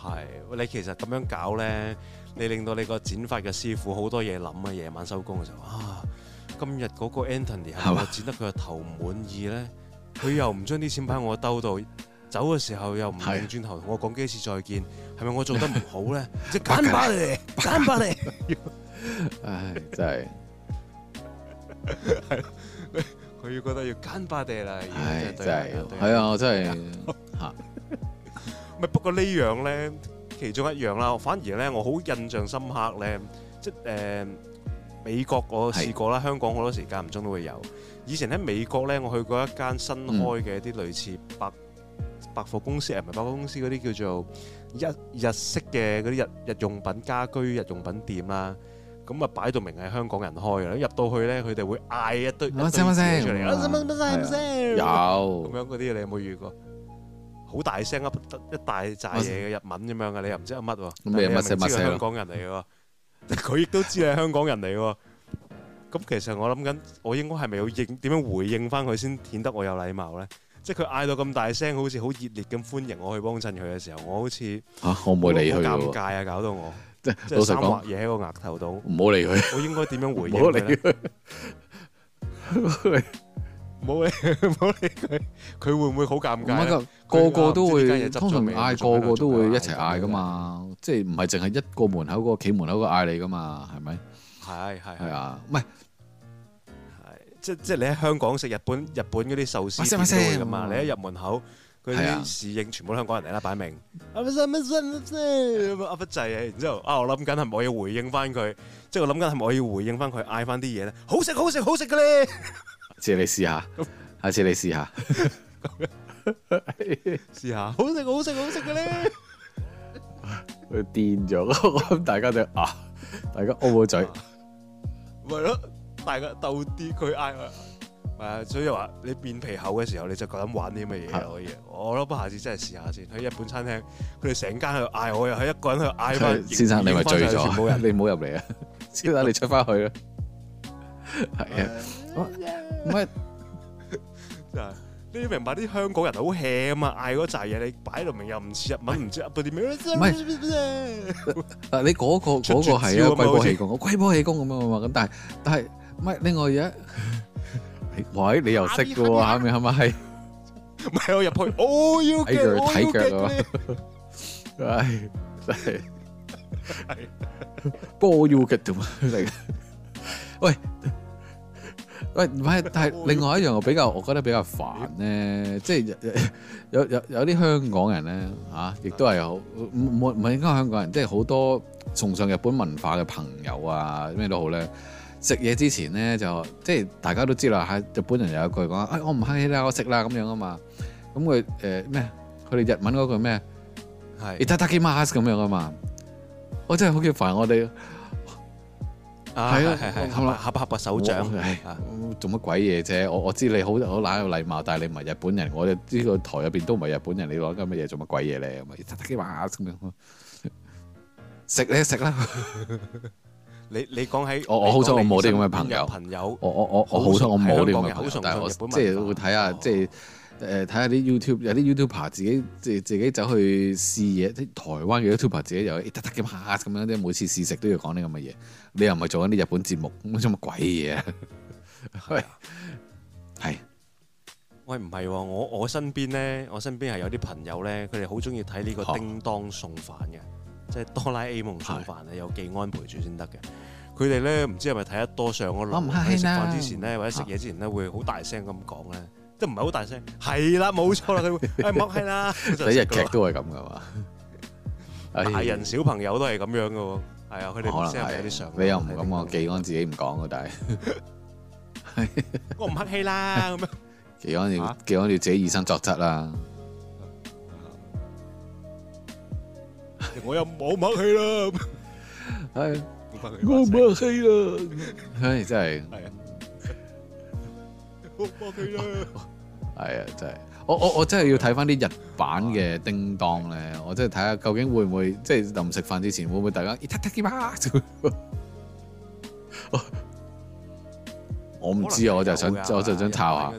是的，係你其實咁樣搞咧，你令到你個剪髮嘅師傅好多嘢諗啊，夜晚收工嘅時候啊，今日嗰個 Anthony 係咪剪得佢個頭唔滿意咧？佢吧又唔將啲錢擺喺我兜度，走嘅時候又唔擰轉頭同是的 我講幾次再見。係咪我做得唔好咧？即係奸巴地，奸巴地！唉，真係，佢要覺得要奸巴地啦！唉，真係，係啊，我真係嚇。咪不過呢樣咧，其中一樣啦。反而咧，我好印象深刻咧。即係誒，美國我試過啦，香港好多時間唔中都會有。以前喺美國咧，我去過一間新開嘅啲類似百百貨公司，係咪百貨公司嗰啲叫做。日日式嘅嗰啲日日用品家居日用品店啦，咁啊擺到明係香港人開嘅，一入到去咧，佢哋會嗌一堆，乜聲乜聲出嚟，乜聲乜聲乜聲，有咁樣嗰啲你有冇遇過？好大聲啊，一大扎嘢嘅日文咁樣嘅，你又唔知係乜喎？乜嘢乜聲乜聲？香港人嚟嘅喎，佢亦都知係香港人嚟嘅喎。咁其實我諗緊，我應該係咪要應點樣回應翻佢先顯得我有禮貌咧？即係佢嗌到咁大聲，好似好熱烈咁歡迎我去幫襯佢嘅時候，我好似嚇我唔會理佢啊！尷尬啊，搞到我即係老實講三劃嘢喺個額頭度。唔好理佢。我應該點樣回應？唔好理佢。佢。佢會唔會好尷尬？我個個都會，通常嗌個個都會一齊嗌噶嘛。即係唔係淨係一個門口嗰個企門口嗰個嗌你噶嘛？係咪？係係係啊，唔係。即即係你喺香港食日本日本嗰啲壽司噶嘛？你一入門口，佢啲侍應全部香港人嚟啦，擺明。阿乜乜乜乜乜啊，然之後啊，我諗緊係咪我要回應翻佢？即係我諗緊係咪我要回應翻佢嗌翻啲嘢咧？好食好食好食嘅咧！下次你試下，下次你試下，試下好食好食好食嘅咧！佢癲咗，我諗大家就啊，大家烏烏嘴，咪咯。大家鬥啲，佢嗌佢，咪所以話你變皮厚嘅時候，你就覺得玩啲乜嘢可以？我諗不，下次真係試下先。喺日本餐廳，佢哋成間喺度嗌，我又喺一個人喺度嗌翻。先生你咪醉咗，你唔好入嚟啊！先生你出翻去啊！係啊，唔係，就係你要明白啲香港人好 hea 啊嘛，嗌嗰扎嘢你擺到明又唔似日文，唔知啊部點咩？唔係，啊你嗰個嗰個係啊，龜波氣功，我龜波氣功咁啊嘛，咁但係但係。唔係，另外一，喂，你又識嘅喎，下面係咪係？唔係我入去，我要嘅，我要嘅，係係係，我要嘅，點啊？喂喂，唔係，但係另外一樣我比較，我覺得比較煩咧，即係有有有啲香港人咧嚇，亦都係好唔唔唔係應該香港人，即係好多崇尚日本文化嘅朋友啊，咩都好咧。食嘢之前咧就即係大家都知道啊，日本人有一句講啊，哎，我唔客氣啦，我食啦，咁樣啊嘛。咁佢誒咩？佢、呃、哋日文嗰句咩？係 itadaki mas 咁樣啊嘛。我真係好嘅煩我哋。係啊係係係，了合不合個手掌？哎，做乜鬼嘢啫？我我知你好好懶有禮貌，但係你唔係日本人，我哋呢個台入邊都唔係日本人，你攞緊乜嘢？做乜鬼嘢咧？咁啊，itadaki mas 咁樣食咧食啦。 你你講起，我我好彩我冇啲咁嘅朋友，我我我我好彩我冇啲咁嘅朋友，但係我，我，我，我，我即係會睇下、哦、即係誒睇、呃、下啲 YouTube 有啲 YouTuber 自己自自己走去試嘢，啲台灣嘅 YouTuber 自己又、欸、得得嘅啪咁樣，即每次試食都要講啲咁嘅嘢。你又唔係做緊啲日本節目，咁乜鬼嘢、 哎、啊？係是，喂，唔係喎，我我身邊咧，我身邊係有啲朋友咧，佢哋好中意睇呢個叮當送飯嘅。哦.即係哆啦 A 夢食飯啊，有技安陪住先得嘅。佢哋咧唔知係咪睇得多上嗰輪，喺食飯之前咧或者食嘢之前咧，會好大聲咁講咧，即唔係好大聲？係啦，冇錯啦，佢，我唔客氣啦。睇日劇都係咁噶嘛，大人小朋友都係咁樣噶喎。係啊，佢哋可能有啲常，你又唔敢講喎。技安自己唔講噶，但係我唔客氣啦，咁樣。技安要啊？技安要自己以身作則啦。我又冇默契啦， 唉，冇默契啦， 唉，真係，係啊 我，冇默契真係，啊，真係，我我我真係要睇翻啲日版嘅叮噹咧，我真係睇下究竟會唔會，即係臨食飯之前會唔會大家一踢踢機嘛？我我唔知啊，我就想、嗯嗯、我就想套下，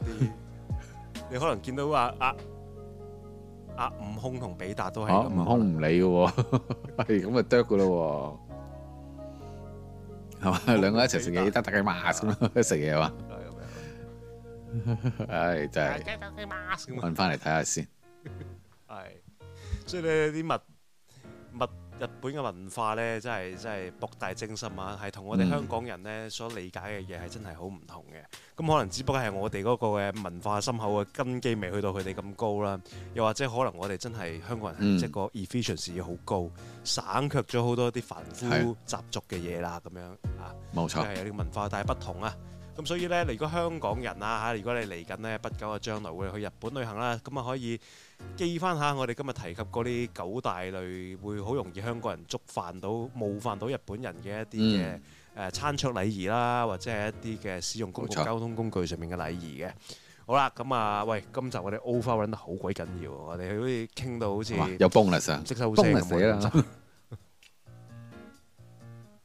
你可能見到阿、啊、阿。阿悟空同比達都係，悟空唔理嘅，係咁咪得噶咯，係嘛？兩個一齊食嘢，得得雞麻咁食嘢嘛？係就係，搵翻嚟睇下先。係，所以咧啲物物。日本嘅文化咧，真係真係博大精深啊！係同我哋香港人咧所理解嘅嘢係真係好唔同嘅。咁可能只不過係我哋嗰個嘅文化深厚嘅根基未去到佢哋咁高啦。又或者可能我哋真係香港人即個 efficiency 好、嗯、高，省卻咗好多啲繁複習俗嘅嘢啦，咁樣啊，冇錯，係有啲文化，但係不同啊。咁所以咧，如果香港人啊嚇，如果你嚟緊呢不久嘅將來會去日本旅行啦、啊，咁啊可以。記翻下，我哋今日提及嗰啲九大類，會好容易香港人觸犯到冒犯到日本人嘅一啲嘅誒餐桌禮儀啦，或者係一啲嘅使用公共交通工具上面嘅禮儀嘅。好啦，咁、嗯、啊，喂，今集我哋 over run 得好鬼緊要，我哋好似傾到好似有崩、bon、啦、啊，成積收好死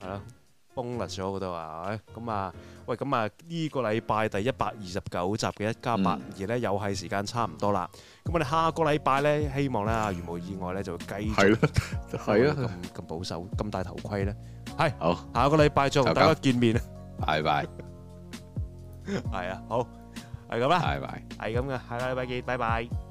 啦。崩裂咗嗰度啊，咁啊，喂，咁啊，呢個禮拜第一百二十九集嘅一家八二咧，又係時間差唔多啦。咁我哋下個禮拜咧，希望咧，如無意外咧，就繼續。係咯，係啊，咁咁保守，咁戴頭盔咧。係，好，下個禮拜再同大家見面啦。拜拜。係啊，好，係咁啦。拜拜。係咁嘅，下個禮拜見，拜拜。